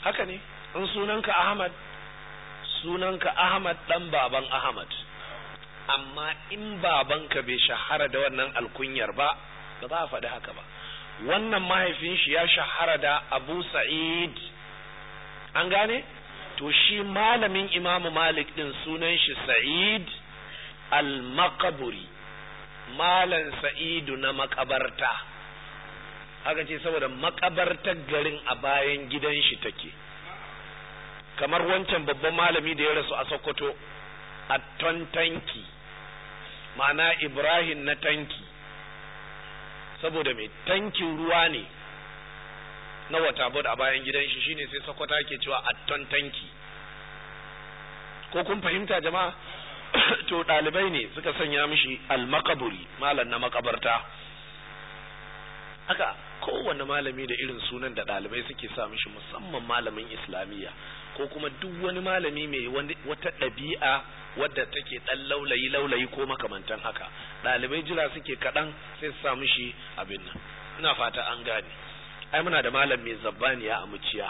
haka ne in sunanka ahmad sunanka ahmad ɗan baban ahmad amma in babanka bai shahara da wannan alkunyar ba ba za a faɗi haka ba wannan mahaifin shi ya shahara da abu sa'id an gane to shi malamin imamu malik din sunan shi sa'id al Makaburi. malan sa'idu na makabarta haka ce saboda makabartar garin a bayan gidan shi take kamar wancan babban malami da ya rasu a sokoto a ton tanki ma'ana ibrahim na tanki saboda mai tankin ruwa ne na bud a bayan gidan shi shine sai sakwata ke cewa atton tanki ko kun fahimta jama'a to ɗalibai ne suka sanya mishi almakaburi malam na makabarta haka kowane malami da irin sunan da ɗalibai suke sa mishi musamman malamin islamiyya ko kuma duk wani malami mai wata ɗabi'a wadda take ɗan laulayi laulayi ko makamantan haka ɗalibai jira suke kaɗan sai su sa mishi abin nan ina fata an gane ai muna da malam mai zabbaniya a muciya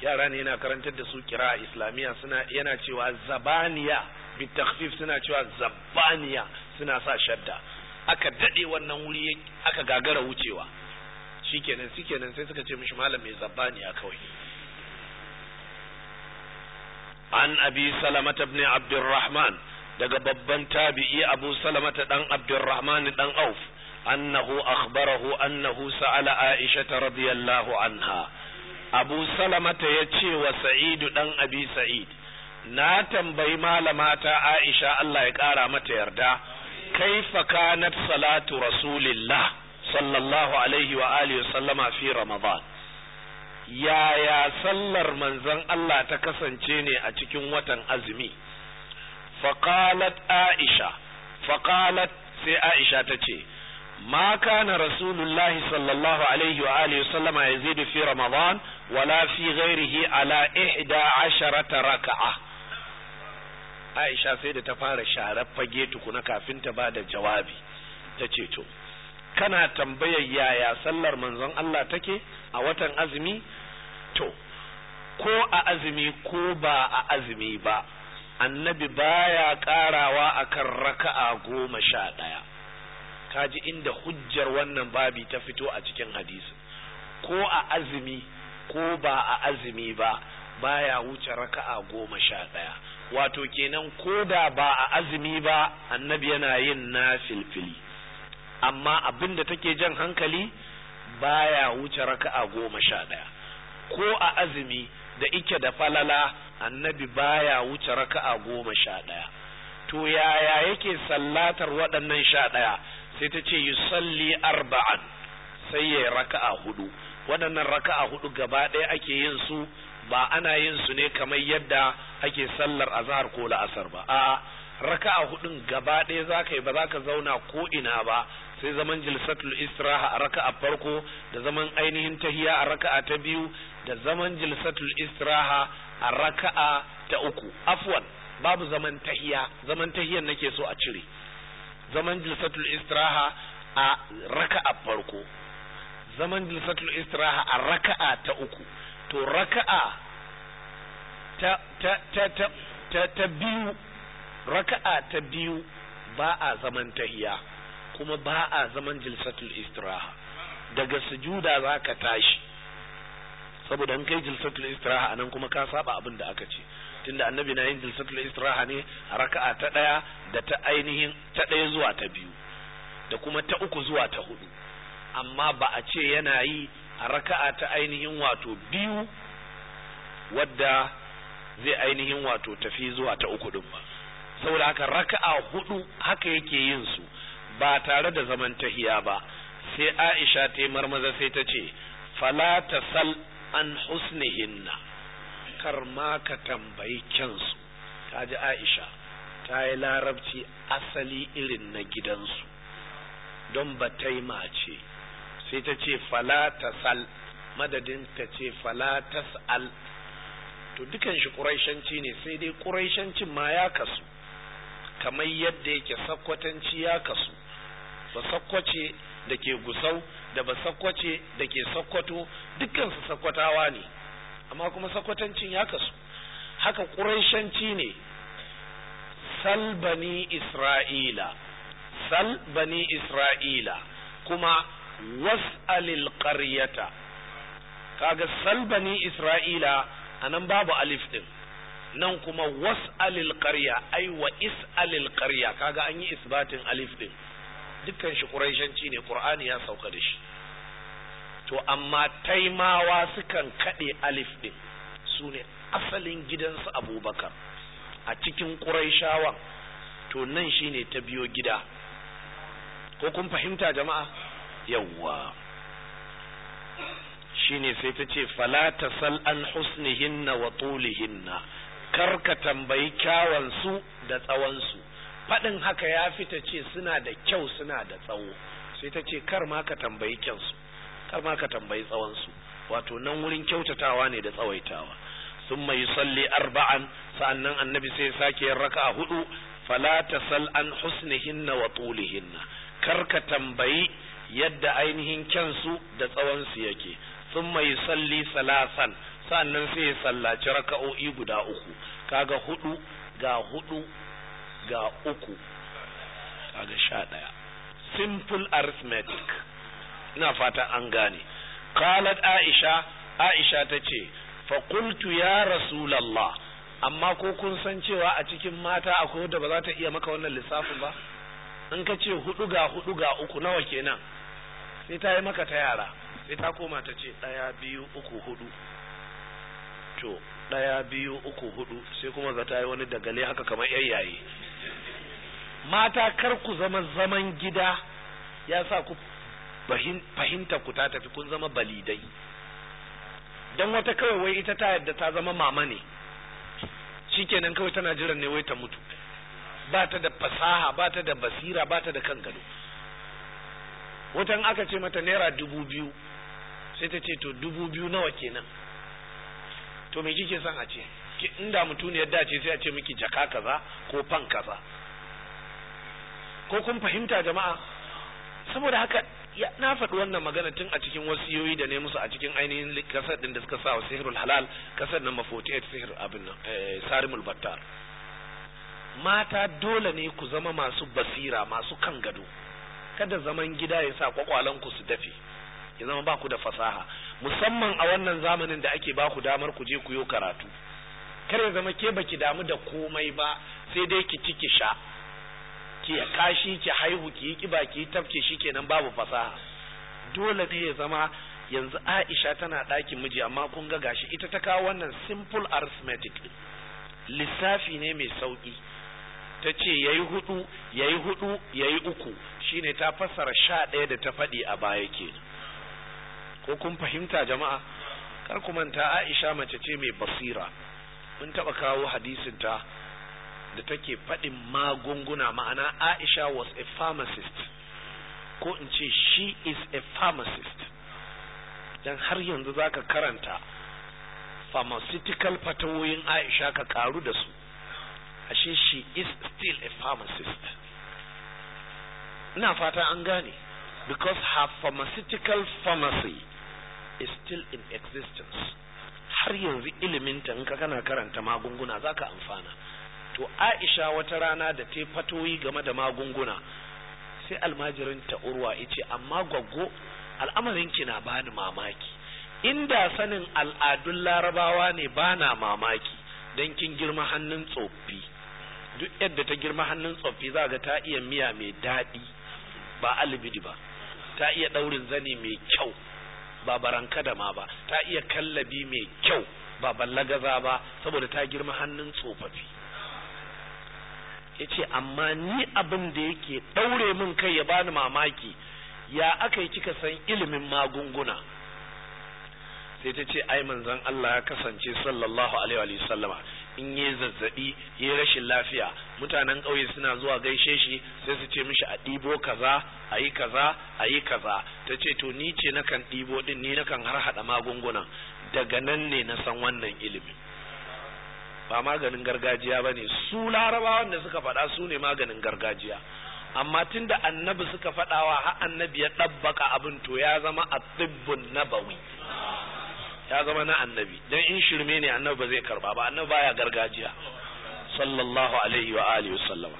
yara ne yana karantar da su kira islamiyya suna yana cewa zabaniya bi takhfif suna cewa zabaniya suna sa shadda aka dade wannan wuri aka gagara wucewa shikenan shikenan sai suka ce mishi malam mai zabaniya kawai an abi salamat ibn abdurrahman daga babban tabi'i abu salamata dan abdurrahman dan auf annahu akhbarahu annahu sa'ala aisha radiyallahu anha abu salamata ya ce wa sa'idu dan abi sa'id na tambayi malamata aisha Allah ya ƙara mata yarda kaifa kanat salatu rasulillah sallallahu alaihi wa sallama fi ramadan yaya sallar manzon Allah ta kasance ne a cikin watan azumi faqalat aisha faqalat sai aisha ta ce Maka na rasulullahi sallallahu alaihi الله عليه وآله وسلم يزيد في رمضان ولا في غيره على إحدى عشرة Aisha sai da ta fara sharar fage tukuna kafin ta ba da jawabi ta ce to kana tambayar yaya sallar manzon Allah take a watan azumi to ko a azumi ko ba a azumi ba annabi baya karawa akan raka'a goma sha ɗaya kaji inda hujjar wannan babi ta fito a cikin hadisi ko a azumi ko ba a azumi ba baya wuce raka'a goma sha ɗaya wato kenan ko da ba a azumi ba annabi yana yin na filfili amma abinda da take jan hankali baya wuce raka'a goma sha ɗaya ko a azumi da ike da falala annabi baya wuce raka'a goma sha ɗaya to yaya yake sallatar waɗannan sha ɗaya sai ta ce yusalli arba'an sai ya raka'a hudu waɗannan raka'a hudu gaba ɗaya ake yin su ba ana yin su ne kamar yadda ake sallar azhar ko la'asar ba a raka'a hudun gaba ɗaya za ba za ka zauna ko ina ba sai zaman jilsatul istiraha a raka'a farko da zaman ainihin tahiya a raka'a ta biyu da zaman jilsatul istiraha a raka'a ta uku afwan babu zaman tahiya zaman tahiyan nake so a cire zaman jilsatul istiraha a raka'a farko zaman jilsatul istiraha a raka'a ta uku to raka'a ta ta ta ta ta, biyu raka'a ta biyu ba a zaman tahiya kuma ba a zaman jilsatul istiraha daga sujuda zaka tashi saboda in kai jilsatul istiraha anan kuma ka saba abin da aka ce tunda annabi na yin jilsatul istiraha ne a raka'a ta ɗaya da ta ainihin ta ɗaya zuwa ta biyu da kuma ta uku zuwa ta hudu amma ba a ce yana yi a raka'a ta ainihin wato biyu wadda zai ainihin wato tafi zuwa ta uku din ba saboda haka raka'a hudu haka yake yin su ba tare da zaman tahiya ba sai Aisha ta yi marmaza sai ta ce fala sal an husnihinna kar ma ka tambayi kyansu kaji aisha ta yi larabci asali irin na gidansu don ba ta yi mace sai ta ce fala ta sal madadin ta ce fala ta sal to dukan shi ƙuraishanci ne sai dai ƙuraishancin ma ya kasu kamar yadda yake sakwatanci ya kasu ba sakwace da ke gusau da ba sakwace da ke sakwato, dukkan su ne amma kuma sakwatancin ya kasu haka ƙuraishanci ne sal bani isra'ila sal bani isra'ila kuma was'alil qaryata kaga sal bani isra'ila anan babu alif ɗin, nan kuma was'alil qarya ai wa is'alil qarya kaga an yi isbatin alif ɗin? dukkan shi quraishanci ne qur'ani ya sauka da shi to amma taimawa sukan kaɗe alif ɗin su ne asalin gidansu abubakar a cikin ƙuraishawan to nan shi ne ta biyo gida ko kun fahimta jama'a yawwa Shi ne sai ta ce falata sal an husnihinna wa tulihinna kar ka tambayi kyawansu da tsawonsu faɗin haka ya fita ce suna da kyau suna da tsawo sai ta ce kar ma ka tambayi kyansu kar ma ka tambayi tsawon wato nan wurin kyautatawa ne da tsawaitawa Sun summa yusalli arba'an sa'annan annabi sai sake yin raka'a hudu fala tasal an husnihinna wa tulihinna kar ka tambayi yadda ainihin kyansu da tsawon su yake summa yusalli salasan sa'annan sai ya sallaci raka'o'i guda uku kaga hudu ga hudu ga uku kaga sha ɗaya simple arithmetic ina fatan an gane qalat aisha aisha ta ce fa qultu ya rasulallah amma ko kun san cewa a cikin mata akwai wadda ba za ta iya maka wannan lissafin ba in ka ce hudu ga hudu ga uku nawa kenan sai ta yi maka ta yara sai ta koma ta ce ɗaya biyu uku hudu to ɗaya biyu uku hudu sai kuma za ta yi wani dagale haka kamar yayyaye mata kar ku zama zaman gida ya sa ku fahimta ku ta tafi kun zama balidai don wata kawai wai ita ta yadda ta zama mama ne shi shikenan kawai tana jiran ne wai ta mutu ba ta da fasaha ba ta da basira ba ta da kan gado watan aka ce mata naira dubu biyu sai ta ce to dubu biyu nawa kenan to me kike son a ce inda yadda ce sai a ce miki jaka kaza ko fan kaza ko kun fahimta jama'a saboda haka Ya na faɗi wannan magana tun a cikin wasu wasiyoyi da ne musu a cikin ainihin kasar din da suka sa wa sihirul halal kasar nan mafoti a sihir abin nan eh, sarimul battar mata dole ne ku zama masu basira masu kan gado kada zaman gida ya sa kwakwalan ku su dafe ya zama baku da fasaha musamman a wannan zamanin da ake baku damar ku je ku yi karatu kar ya zama ke baki damu da komai ba sai dai ki ci ki sha ki kashi ki haihu ki yi kiba ki tafke shikenan babu fasaha dole ne ya zama yanzu Aisha tana ɗakin miji amma kun ga gashi ita ta kawo wannan simple arithmetic lissafi ne mai sauki ta ce ya yi hudu ya yi hudu ya yi uku shi ne ta fassara sha ɗaya da ta faɗi a baya ke ko kun fahimta jama'a kar ku manta Aisha mace ce mai basira mun taɓa kawo hadisin ta da take faɗin magunguna ma'ana aisha was a pharmacist ko in ce she is a pharmacist don har yanzu za ka karanta pharmaceutical fatawoyin aisha ka karu da su ashe she is still a pharmacist ina fata an gane because her pharmaceutical pharmacy is still in existence har yanzu iliminta in ka kana karanta magunguna zaka amfana to aisha wata rana da ta fatoyi game da magunguna sai almajirin ta urwa ice amma gwaggo al'amarinki na bani mamaki inda sanin al'adun larabawa ne bana mamaki don kin girma hannun tsoffi duk yadda ta girma hannun tsoffi za ga ta iya miya mai daɗi ba alibidi ba ta iya ɗaurin zani mai kyau ba baranka da ma ba ta iya kallabi mai kyau ba ballagaza ba saboda ta girma hannun tsofaffi ya ce amma ni abin da yake ɗaure min kai ya bani mamaki ya aka yi kika san ilimin magunguna sai ta ce ai manzon Allah ya kasance sallallahu alaihi wa sallama in yi zazzabi yi rashin lafiya mutanen ƙauye suna zuwa gaishe shi sai su ce mishi a ɗibo kaza a yi kaza a yi kaza ta ce to ni ce na kan ɗibo ɗin ni na kan har haɗa magungunan daga nan ne na san wannan ilimin ba maganin gargajiya ba ne su larabawan da suka faɗa su ne maganin gargajiya amma tun da annabi suka faɗawa har annabi ya ɗabbaka abin to ya zama a tsibbin nabawi ya zama na annabi don in shirme ne annabi ba zai karba ba annabi baya gargajiya sallallahu alaihi wa alihi wasallama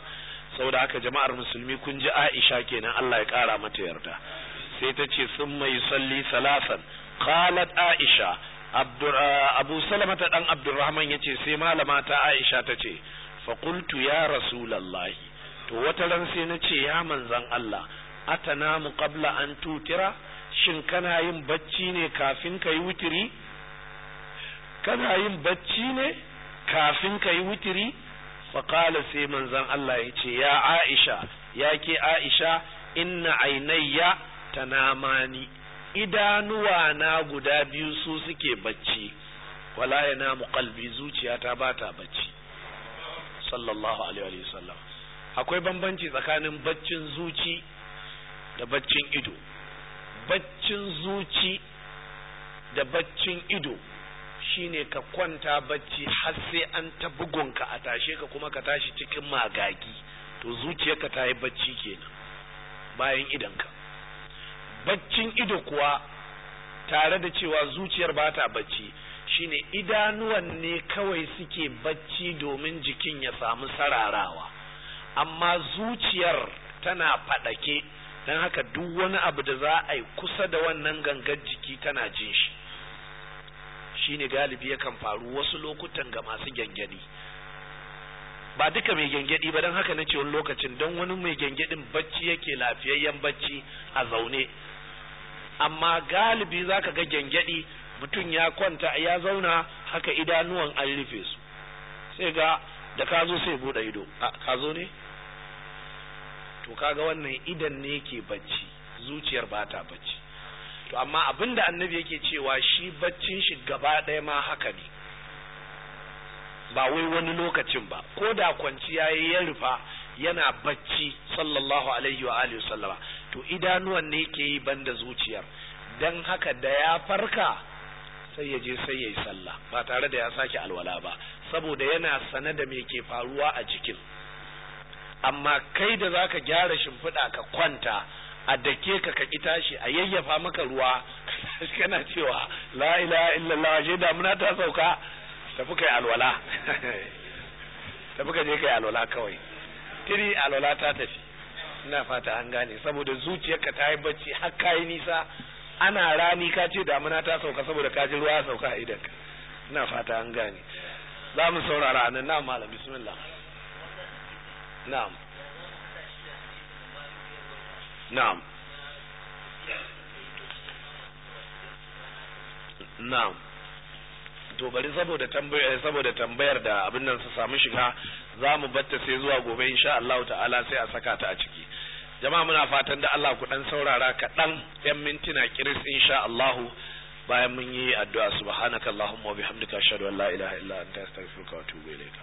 saboda haka jama'ar musulmi kun ji Aisha kenan Allah ya kara mata yarda sai ta ce sun mai salli salasan qalat Aisha Eh, abu salama ta dan abdurrahman ya ce sai malama ta aisha ta ce faƙultu ya rasulallahi to wata ran sai na ce ya manzan Allah atana mu qabla an tutira shin kana yin bacci ne kafin ka yi wutiri kana yin bacci ne kafin ka yi wutiri faƙala sai manzan Allah ya ce ya aisha ya ke aisha inna ainayya tanamani idanuwa na guda biyu su suke bacci wala ya namu kalbi zuciya ta bata bacci sallallahu alaihi wa sallam akwai bambanci tsakanin baccin zuci da baccin ido baccin zuci da baccin ido shine ka kwanta bacci har sai an ta bugunka a tashe ka kuma ka tashi cikin magagi to zuciyarka ta yi bacci kenan bayan idanka baccin ido kuwa tare da cewa zuciyar ba ta bacci shine idanuwan ne kawai suke bacci domin jikin ya samu sararawa amma zuciyar tana faɗake don haka duk wani abu da za a yi kusa da wannan gangar jiki tana jin shi shine galibi yakan faru wasu lokutan ga masu gyangyaɗi ba duka mai gyangyaɗi ba don haka na ce wani lokacin don wani mai gyangyaɗin bacci yake lafiyayyen bacci a zaune amma galibi za ka ga gyangyaɗi mutum ya kwanta ya zauna haka idanuwan an rufe su sai ga da ka zo sai buɗe ido a ka zo ne to kaga wannan idan ne ke bacci zuciyar ba ta bacci to amma abinda annabi yake cewa shi baccin shi gaba ɗaya ma haka ne ba wai wani lokacin ba ko da kwanciya ya rufa yana bacci sallallahu alaihi wa alihi sallama to idanuwan ne ke yi banda zuciyar dan haka da ya farka sai ya je sai ya yi sallah ba tare da ya sake alwala ba saboda yana sane da me ke faruwa a jikin amma kai da za ka gyara shimfiɗa ka kwanta a dake ka ka ita tashi a yayyafa maka ruwa kana cewa la ilaha illallah je damuna ta sauka tafi kai alwala tafi ka je kai alwala kawai tiri alwala ta tafi ina fata an gane saboda zuciyarka ta yi bacci har ka yi nisa ana rani ka ce damuna ta sauka saboda ka ji ruwa sauka a idanka ina fata an gane za mu saurara nan na malam bismillah na'am na'am na'am to bari saboda tambayar saboda tambayar da abin nan su samu shiga za mu batta sai zuwa gobe insha Allah ta'ala sai a saka ta a ciki jama'a muna fatan da Allah ku dan saurara kaɗan yan mintuna kiris insha Allahu bayan mun yi addu'a subhanakallahumma wa bihamdika ashhadu an la ilaha illa anta astaghfiruka wa atubu ilayk